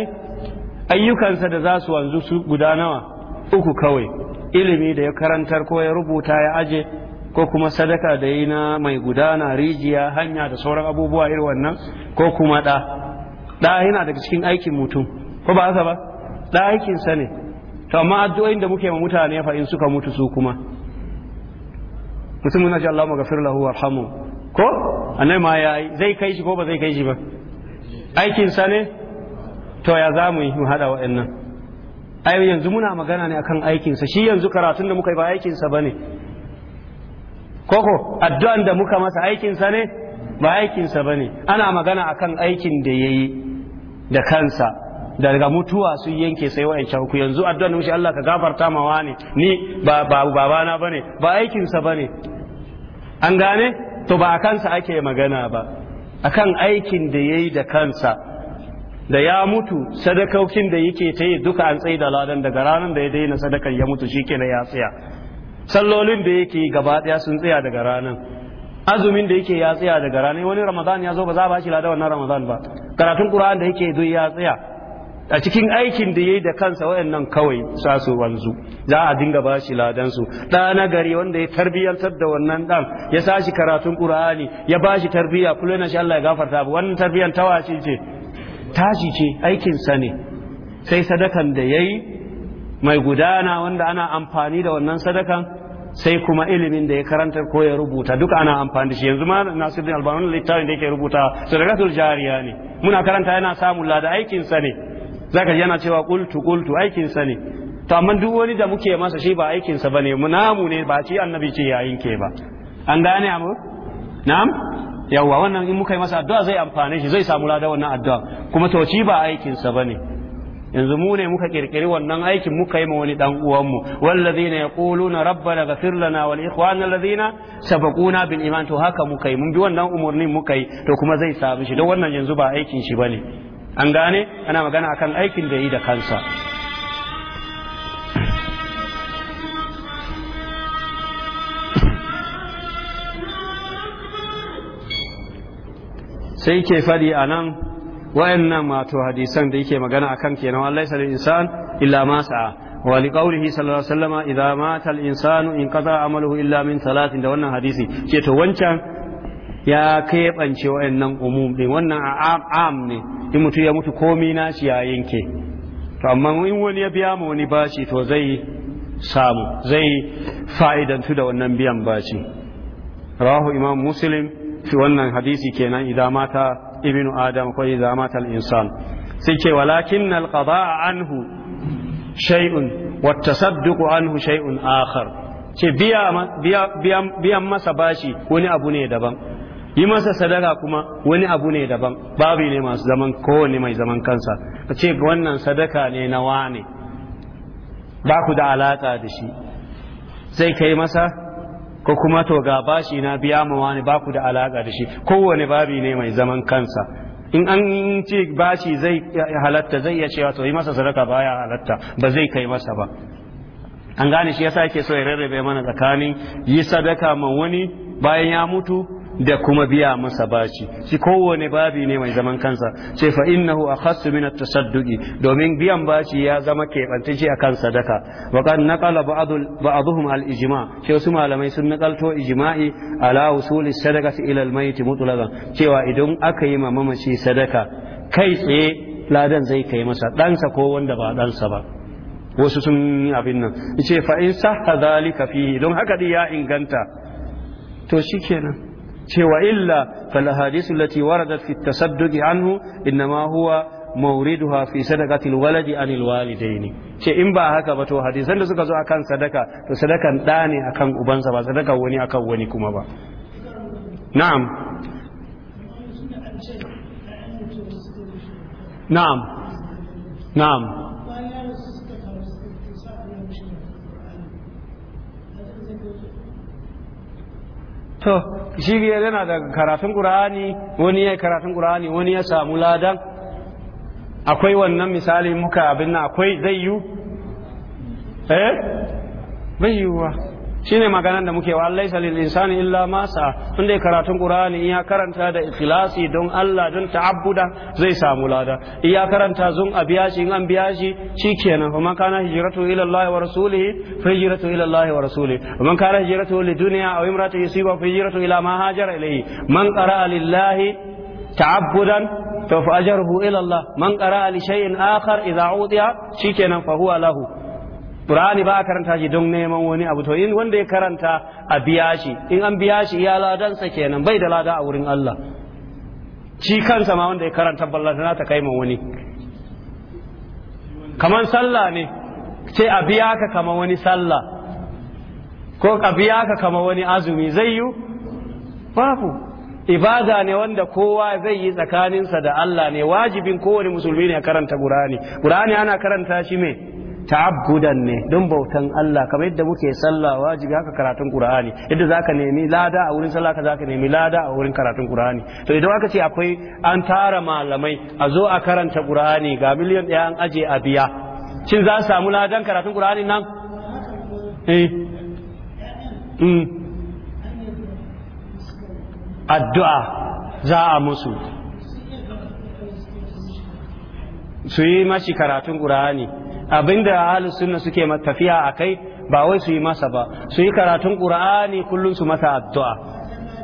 ayyukansa da za su wanzu su guda nawa uku kawai ilimi da ya karantar ko ya rubuta ya aje ko kuma sadaka da yi na mai gudana rijiya hanya da sauran abubuwa irin wannan ko kuma ɗa ɗa yana daga cikin aikin mutum ko ba haka ba ɗa aikinsa ne to amma addu'o'in da muke ma mutane fa in suka mutu su kuma mutum ji ce Allah magafir lahu warhamu ko annai ma yayi zai kai shi ko ba zai kai shi ba aikin sa ne to ya za mu yi mu hada waɗannan ai yanzu muna magana ne akan aikin sa shi yanzu karatun da muka yi ba aikin sa bane koko addu'an da muka masa aikin sa ne ba aikin sa bane ana magana akan aikin da yayi da kansa daga mutuwa sun yanke sai wa'ancan yanzu addu'a ne mushi Allah ka gafarta ma wani ni ba ba babana bane ba aikinsa ba bane an gane to ba a kansa ake magana ba kan aikin da yayi da kansa da ya mutu sadakokin da yake ta yi duka an tsaye da ladan daga ranar da ya daina sadakar ya mutu shi kenan ya tsaya sallolin da yake gaba daya sun tsaya daga ranar azumin da yake ya tsaya daga ranar wani ramadan ya zo ba za a ba shi ladan wannan ramadan ba karatun qur'an da yake duk ya tsaya a cikin aikin da yayi da kansa wayannan kawai sa su wanzu za a dinga ba shi ladansu nagari wanda ya tarbiyyantar da wannan ɗan. ya sa shi karatun ƙura'ani. ya bashi Kullum na shi Allah ya gafarta wannan tarbiyan shi ce tashi ce aikin sa ne sai sadakan da ya yi mai gudana wanda ana amfani da wannan sadakan sai kuma ilimin da ya karanta ko ya rubuta duk ana amfani da shi yanzu ma Nasiruddin Albani littafin da yake rubuta sadakatul jariya ne muna karanta yana samun lada aikin sa ne Za zaka yana cewa kultu kultu aikin sa ne to amma duk wani da muke masa shi ba aikin sa bane mu namu ne ba ci annabi ce yayin ke ba an gane abu na'am yawa wannan in muka yi masa addu'a zai amfane shi zai samu lada wannan addu'a kuma to ci ba aikin sa bane yanzu mu ne muka kirkiri wannan aikin muka yi ma wani dan uwanmu wallazina yaquluna rabbana ghfir lana wal ikhwana alladhina sabaquna bil iman to haka muka yi mun bi wannan umurni muka yi to kuma zai samu shi don wannan yanzu ba aikin shi bane an gane ana magana akan aikin da yi da kansa sai ke faɗi a nan wa'annan mato hadisan da yake magana akan kenan Allah ya insan illa ma sa'a ولقوله صلى الله عليه وسلم in مات in انقطع amaluhu illa min salatin da wannan hadisi ce to wancan ya keɓance wa'annan umum ɗin wannan am ne in mutu ya mutu komi shi ya yanke to amma in wani ya biya ma wani bashi to zai samu zai fa'idantu da wannan biyan bashi rahu imam muslim fi wannan hadisi kenan idan mata ibnu adam ko idan mata al-insan sai ce walakin al-qada'a anhu shay'un wa tasadduqu anhu shay'un akhar ce biyan masa bashi wani abu ne daban yi masa sadaka kuma wani abu ne daban babu ne masu zaman kowane mai zaman kansa a ce wannan sadaka ne na wane ba ku da alaka da shi sai kai masa ko kuma to ga bashi na biya ma wani ba ku da alaka da shi kowane babi ne mai zaman kansa in an ce bashi zai halatta zai iya cewa to yi masa sadaka baya halatta ba zai kai masa ba an gane shi yasa yake so ya rarrabe mana tsakanin yi sadaka ma wani bayan ya mutu da kuma biya masa baci. shi kowane babi ne mai zaman kansa ce fa innahu akhassu min at-tasadduqi domin biyan baci ya zama a akan sadaka wa qad naqala ba'dhum al-ijma shi wasu malamai sun nakalto ijma'i ala usuli sadaqati ila al-mayt mutlaqan cewa idan aka yi mamaci sadaka kai tsaye ladan zai kai masa ɗansa ko wanda ba ɗansa ba wasu sun yi abin nan ce fa in sahha zalika fihi don haka ya inganta to shikenan cewa illa fal ahadisu allati waradat fi tasadduqi anhu innama huwa mawriduha fi sadaqati alwaladi an alwalidaini ce in ba haka ba to hadisan da suka zo akan sadaka to sadakan da ne akan ubansa ba sadaka wani akan wani kuma ba na'am na'am na'am to shi yana da karatun qur'ani wani ya karatun qur'ani wani ya samu ladan akwai wannan misali muka abin nan akwai zai yiwu eh bai yiwuwa shine maganan da muke wa laysa lil insani illa ma sa'a tunda karatun qur'ani ya karanta da ikhlasi don Allah don ta'abbuda zai samu lada ya karanta zun abiya shi in an biya shi shikenan kuma kana hijratu ila Allah wa rasulihi fa hijratu ila Allah wa rasulihi man kana hijratu lid dunya aw imratu yusiba fa hijratu ila ma hajara ilayhi man qara'a lillahi ta'abbudan to fa ajruhu ila Allah man qara'a li shay'in akhar idha udiya shikenan fa huwa lahu Qur'ani ba karanta shi don neman wani abu to in wanda ya karanta a biya shi in an biya shi ya sa kenan bai da lada a wurin Allah shi kansa ma wanda ya karanta ballantana ta kai ma wani kaman sallah ne ce a biya ka kama wani sallah ko a biya ka kama wani azumi zai yi babu ibada ne wanda kowa zai yi tsakaninsa da Allah ne wajibin kowane musulmi ne ya karanta Qur'ani Qur'ani ana karanta shi me ta'abbudan ne don bautan Allah kamar yadda muke sallah wajibi haka karatun Qur'ani yadda zaka nemi lada a wurin sallah ka zaka nemi lada a wurin karatun Qur'ani to idan aka ce akwai an tara malamai a zo a karanta Qur'ani ga miliyan ɗaya an aje a biya shin za samu ladan karatun Qur'ani nan eh hmm. addu'a za a musu su yi mashi karatun Qur'ani abinda ahlus sunna suke tafiya akai ba wai su yi masa ba su yi karatun qur'ani kullun su masa addu'a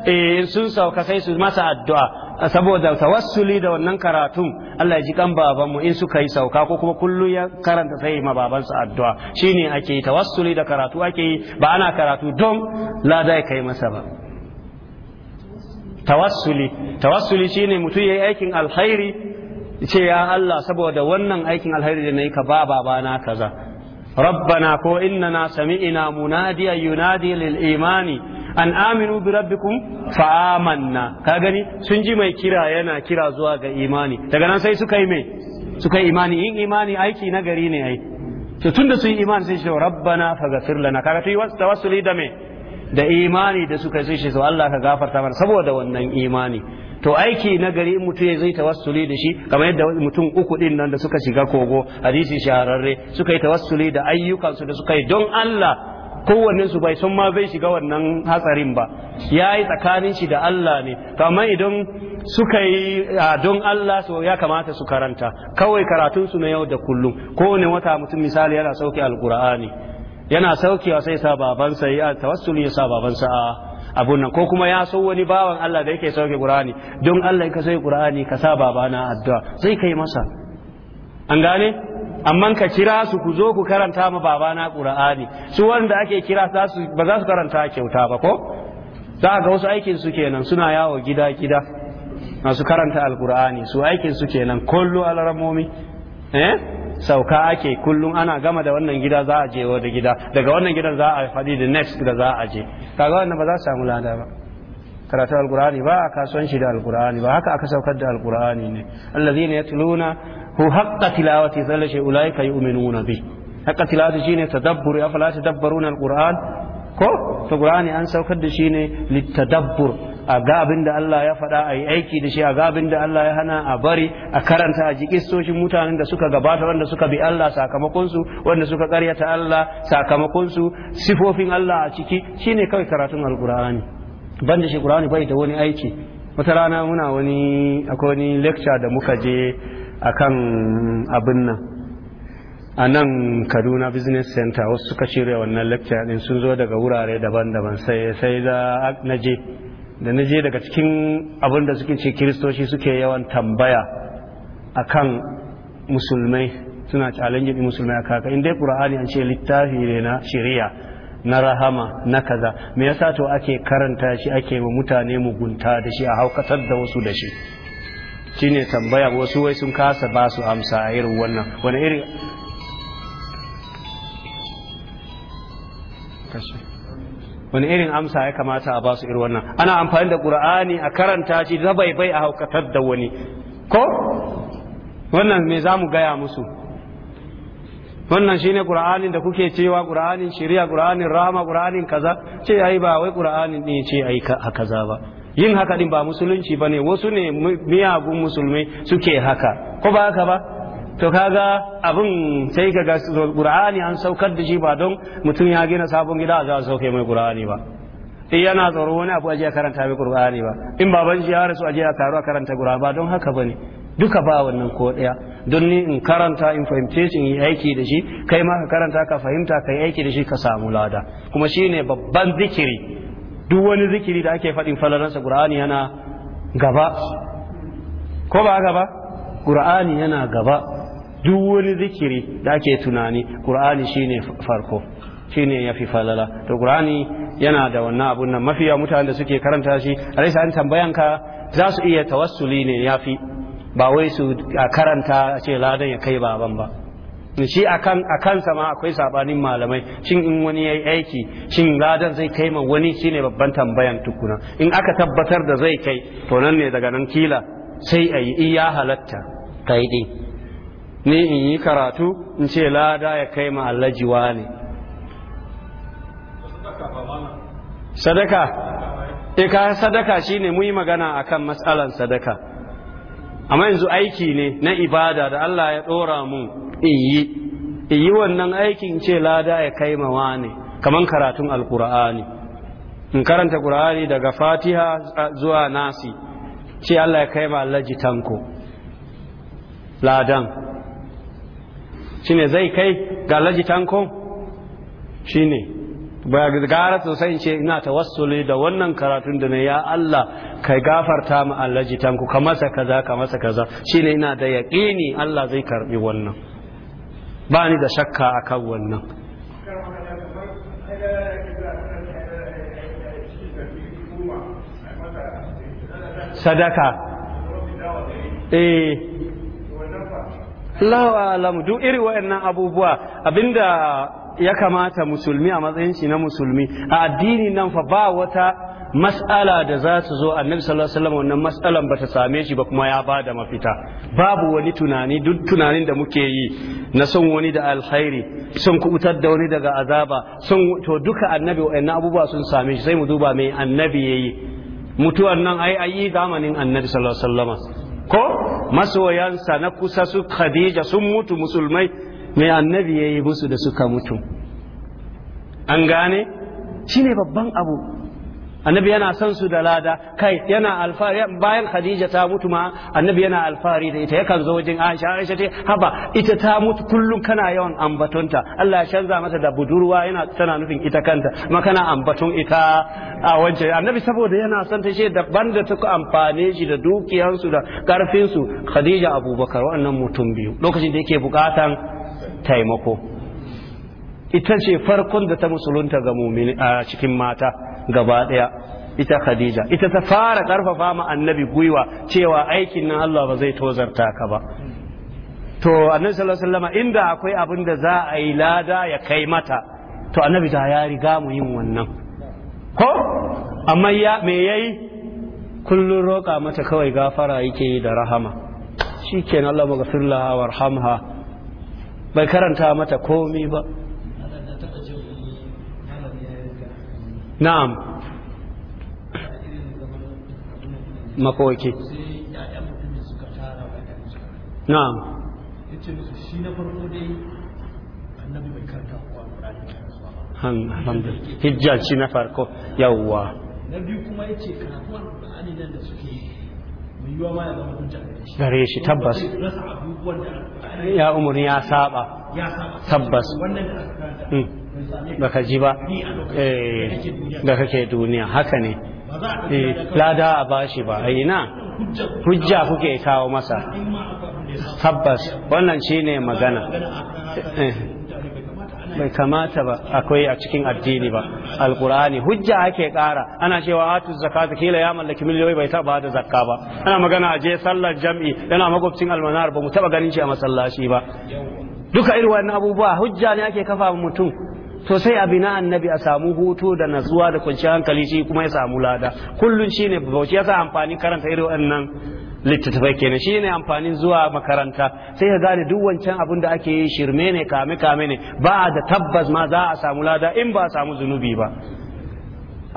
eh sun sauka sai su masa addu'a saboda tawassuli da wannan karatun Allah ya ji kan baban mu in suka yi sauka ko kuma kullun ya karanta sai ma baban su addu'a shine ake tawassuli da karatu ake yi ba ana karatu don lada ya kai masa ba tawassuli tawassuli shine mutum yayi aikin alkhairi ce ya Allah saboda wannan aikin alheri da na yi ka ba babana kaza rabbana ko innana sami'ina munadiya yunadi lil imani an aminu bi rabbikum fa amanna ka gani sun ji mai kira yana kira zuwa ga imani daga nan sai suka yi me suka yi imani yin imani aiki na gari ne ai to tunda sun yi imani sai shi rabbana faghfir lana kaga to tawassuli da me da imani da suka sai shi Allah ka gafarta mana saboda wannan imani to aiki na gari in mutum ya zai tawassuli da shi kamar yadda mutum uku din nan da suka shiga kogo hadisi shahararre suka yi tawassuli da ayyukansu da suka yi don Allah Kowanne su bai sun ma bai shiga wannan hatsarin ba ya yi tsakanin shi da Allah ne kama idan suka yi don Allah so ya kamata su karanta kawai karatun su na yau da kullum kowane wata mutum misali yana sauke alkur'ani yana saukewa sai sa babansa ya tawassuli ya sa babansa a abun nan ko kuma ya so wani bawan Allah da yake sauke Qur'ani don Allah ka sauke Qur'ani ka sa babana addu'a sai kai masa an gane amma ka kira su ku zo ku karanta ma babana Qur'ani su wanda ake kira za su ba za su karanta kyauta ba ko za ga wasu aikin su kenan suna yawo gida gida masu karanta alkur'ani su aikin su kenan kullu alramomi eh sauka ake kullum ana gama da wannan gida za a je wani gida daga wannan gidan za a faɗi da next da za a je kaga wannan ba za su samu lada ba karatu alqur'ani ba aka a shi da alqur'ani ba haka aka saukar da alqur'ani ne allazina yatluna hu haqqa tilawati zalla ulai ulaika yu'minuna bi haqqa tilawati shine tadabburi afala tadabburuna alqur'an ko to qur'ani an saukar da shi ne littadabbur a ga abin da Allah ya faɗa a yi aiki da shi a ga abin da Allah ya hana a bari a karanta a ji kistoshin mutanen da suka gabata wanda suka bi Allah sakamakon su wanda suka karyata Allah sakamakonsu sifofin Allah a ciki shine kawai karatun alqur'ani banda shi qur'ani bai da wani aiki wata rana muna wani akwai wani lecture da muka je akan abin nan a nan kaduna business center wasu suka shirya wannan lecture din sun zo daga wurare daban-daban sai sai da naje da naje daga cikin abin da suke ce kiristoci suke yawan tambaya akan musulmai suna challenge din musulmai kaka in dai qur'ani an ce littafi ne na shari'a na rahama na kaza me yasa to ake karanta shi ake wa mutane mugunta da shi a haukatar da wasu da shi shine tambaya wasu wai sun kasa ba su amsa a irin wannan wani irin kashe wani irin amsa ya kamata a basu irin wannan ana amfani da qur'ani a karanta shi bai a haukatar da wani ko wannan me za mu gaya musu wannan shine qur'anin da kuke cewa qur'anin shari'a qur'anin rama qur'anin kaza ce ai ba wai qur'anin ne ce ai a kaza ba yin haka din ba musulunci bane wasu ne miyagun musulmai suke haka ko ba haka ba to kaga abin sai ka ga qur'ani an saukar da shi ba don mutum ya gina sabon gida a za a sauke mai qur'ani ba in yana tsoro wani abu aje a karanta mai qur'ani ba in baban shi ya rasu aje a taru a karanta qur'ani ba don haka bane duka ba wannan ko daya don ni in karanta in fahimce shi in yi aiki da shi kai ma ka karanta ka fahimta ka yi aiki da shi ka samu lada kuma shine babban zikiri duk wani zikiri da ake faɗin falalansa qur'ani yana gaba ko ba gaba qur'ani yana gaba duk wani zikiri da ake tunani ƙur'ani shine farko shine fi falala to ƙur'ani yana da wannan abun nan mafiya mutane da suke karanta shi a alaisa an ka za su iya tawassuli ne ya fi ba wai su karanta ce ladan ya kai baban ba shi a kansa ma akwai sabanin malamai shin in wani ya yi aiki shin ladan zai kai ma wani shine babban tambayan tukuna in aka tabbatar da zai kai to nan ne daga nan kila sai ayi iya halatta kai ni in yi karatu in ce lada ya kai ma allajiwa ne sadaka ika eh, sadaka shine mu yi magana akan matsalan sadaka amma yanzu aiki ne na ibada da Allah ya ɗora mu in yi in yi wannan aikin ce lada ya kai ma wane kaman karatun alkur'ani in karanta qur'ani daga fatiha zuwa nasi ce Allah ya kai ma allaji tanko ladan shine zai kai ga lajitanko tanko shine gara sosai in ce ina tawassuli da wannan karatun da na ya Allah kai gafarta mu alaji tanko ka masa kaza ka masa kaza shine ina da yaƙini Allah zai karɓi wannan ba ni da shakka a kan wannan sadaka eh Allahu alamu duk iri wayannan abubuwa abinda ya kamata musulmi a matsayin shi na musulmi a addini nan fa ba wata mas'ala da za su zo annabi sallallahu alaihi wasallam wannan mas'alan bata same shi ba kuma ya bada mafita babu wani tunani duk tunanin da muke yi na son wani da alkhairi son kubutar da wani daga azaba son to duka annabi wayannan abubuwa sun same shi sai mu duba mai annabi yayi mutuwar nan ai ayi zamanin annabi sallallahu alaihi wasallam ko masoyansa na kusa su khadija sun mutu musulmai mai annabi ya yi musu da suka mutu an gane shine babban abu annabi yana son su da lada kai yana alfahari bayan khadija ta mutu ma annabi yana alfahari da ita yakan zo wajen aisha aisha ce haba ita ta mutu kullum kana yawan ambatonta Allah ya canza mata da budurwa yana tana nufin ita kanta ma kana ambaton ita a wancan annabi saboda yana son ta ce daban da ta amfane shi da dukiyansu da karfinsu khadija abubakar wannan mutum biyu lokacin da yake bukatan taimako ita ce farkon da ta musulunta ga mumini a cikin mata gaba daya ita khadija ita ta fara ƙarfafa ma annabi gwiwa cewa aikin nan Allah ba zai tozarta ka ba to annabi sallallahu alaihi inda akwai abin da za a yi lada ya kai mata to annabi ta ya riga mu yin wannan ko amma ya me yayi kullun roƙa mata kawai gafara yake da rahama shikenan Allah magfirullah warhamha bai karanta mata komai ba na'am makoki na'am shi na farko dai annabi bai karanta ba alhamdulillah hijja shi na farko yawwa na biyu kuma yace karatu alqur'ani nan da suke mai yiwa ma ya zama hujja gare shi tabbas ya umuri ya saba ya saba tabbas wannan da baka ji ba ga eh, kake duniya haka ne eh, lada a bashi ba a ina hujja kuke kawo masa tabbas wannan shine magana eh, bai kamata ba akwai a cikin addini ba alkur'ani hujja ake kara ana cewa atu zakata kila ya mallaki miliyoyi bai taba da zakka ba ana magana a je sallar jam'i yana makwabcin almanar ba mu taba ganin shi a masallaci ba duka irin wannan abubuwa hujja ne ake kafa mutum to sai na na annabi a samu hutu da natsuwa da kwanciyar hankali shi kuma ya samu lada kullun shine bauchi yasa amfani karanta irin wannan littattafai kenan shi ne amfanin zuwa makaranta sai ka gane duk wancan abin da ake yi shirme ne kame kame ne ba da tabbas ma za a samu lada in ba a samu zunubi ba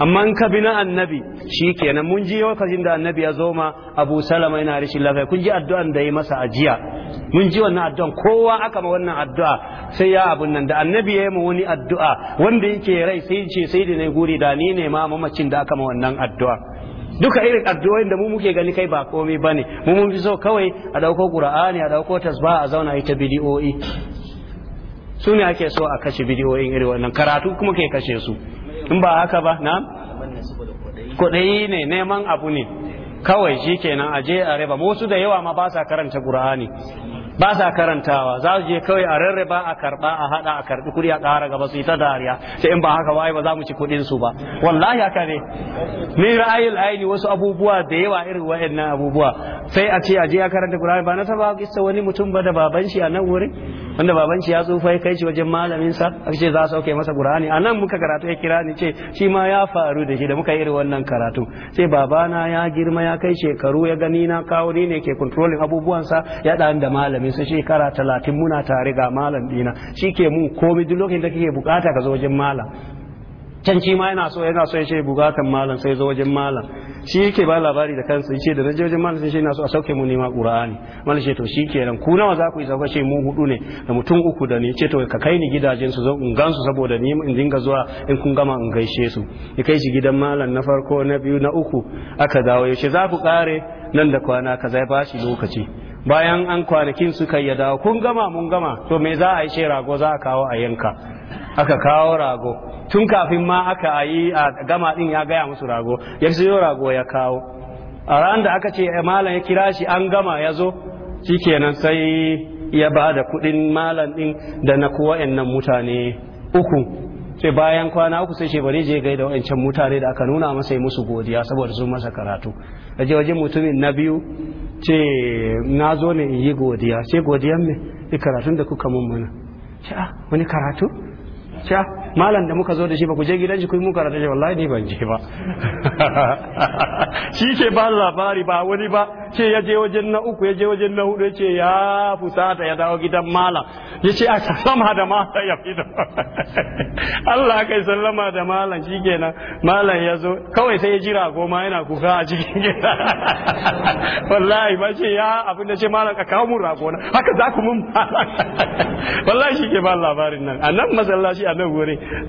amma in ka bi na annabi shi kenan mun ji lokacin da annabi ya zo ma Abu Salama yana rashin lafiya kun ji addu'an da ya masa ajiya mun ji wannan addu'an kowa aka ma wannan addu'a sai ya abun nan da annabi ya yi ma wani addu'a wanda yake rai sai ce sai da yi guri da ni ne ma mamacin da aka ma wannan addu'a duka irin addu'o'in da mu muke gani kai ba komai bane mu mun fi so kawai a dauko qur'ani a dauko Tasba a zauna ita bidiyo'i su ne ake so a kashe bidiyoyin irin wannan karatu kuma ke kashe su in ba haka ba na kudai ne neman abu ne kawai shi kenan a je a raba wasu da yawa ma ba sa karanta qur'ani ba sa karantawa za su je kawai a rarraba a karba a hada a karbi kuɗi a kara gaba su yi ta dariya sai in ba haka wai ba za mu ci kuɗin su ba wallahi haka ne ni ra'ayil aini wasu abubuwa da yawa irin wa'annan abubuwa sai a ce a je a karanta qur'ani ba na ba kissa wani mutum ba da baban shi a nan wurin wanda baban shi ya tsufa kai shi wajen malamin sa aka ce za su sauke masa qur'ani anan muka karatu ya kira ni ce shi ma ya faru da shi da muka yi iri wannan karatu sai babana ya girma ya kai shekaru ya gani na kawo ni ne ke controlling abubuwan sa ya dan da malamin sa shekara talatin muna tare ga malam dina shi ke mun komai duk lokacin da kake bukata ka zo wajen malam can shi ma yana so yana so ya ce buga kan malam sai zo wajen malam shi yake ba labari da kansa yace da naje wajen malam sai shi yana so a sauke mu nema qur'ani malam ce to shikenan ku nawa za ku yi sauka ce mu hudu ne da mutum uku da ni ce to ka kai ni gidajen su zo in gansu saboda ni in dinga zuwa in kun gama in gaishe su ya kai shi gidan malam na farko na biyu na uku aka dawo yace za ku kare nan da kwana kaza ya bashi lokaci bayan an kwanakin suka ya dawo kun gama mun gama to me za a yi shi rago za a kawo a yanka aka kawo rago tun kafin ma aka yi a gama din ya gaya musu rago ya siyo rago ya kawo a ran da aka ce eh, malam ya kira shi an gama ya zo shikenan sai ya ba da kuɗin malam din da na kuwa nan mutane uku sai bayan kwana uku sai ce bari je gai da wancan mutane da aka nuna masa yi musu godiya saboda sun masa karatu a wajen mutumin na biyu ce na zo ne in yi godiya ce godiyan me ni karatun da kuka mun mana ce a ah, wani karatu ce a ah, malam da muka zo da shi ba ku je gidan shi ku yi mu karatu ce wallahi ni ban je ba shi ke ba labari ba wani ba ce ya je wajen na uku ya je wajen na hudu ya ce ya fusata ya dawo gidan mala ya ce a sallama da mala ya da Allah yi sallama da malam shikenan malam ya zo kawai sai ya jira goma yana kuka a cikin gida wallahi ba ce ya abin da ce malam ka kawo mun rago na haka za ku mun wallahi shi ke ba labarin nan a nan masallaci a nan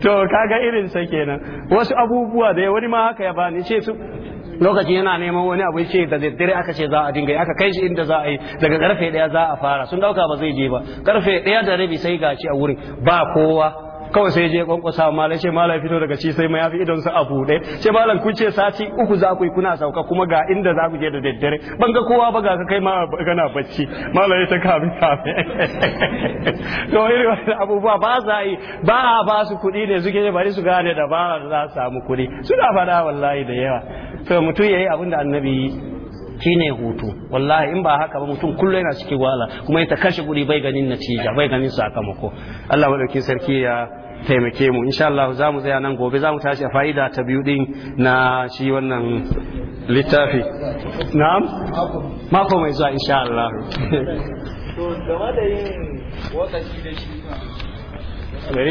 to kaga irin sa kenan wasu abubuwa da wani ma haka ya bani ce su lokaci yana neman wani abu ce da daddare aka ce za a dinga aka kai shi inda za a yi daga karfe daya za a fara sun dauka ba zai je ba karfe daya da rabi sai ga gashi a wurin ba kowa kawai sai je kwankwasa malai ce malai fito daga ci sai mai yafi idon su a buɗe ce malam kun ce sati uku za ku yi kuna sauka kuma ga inda za ku je da daddare ban ga kowa ba ga ka kai ma gana bacci malai ta kami kame to irin wannan abubuwa ba za yi ba a ba su kuɗi ne suke ne bari su gane da ba za su samu kuɗi suna faɗa wallahi da yawa to mutum yi abin da annabi shine hutu wallahi in ba haka ba mutum kullu yana cikin wahala kuma ya ta kashe guri bai ganin natija bai ganin sakamako Allah madauki sarki ya taimake mu insha Allah za mu tsaya nan gobe za mu tashi a fa'ida ta biyu din na shi wannan littafi na'am mako mai zuwa insha Allah to game da yin wakaci da shi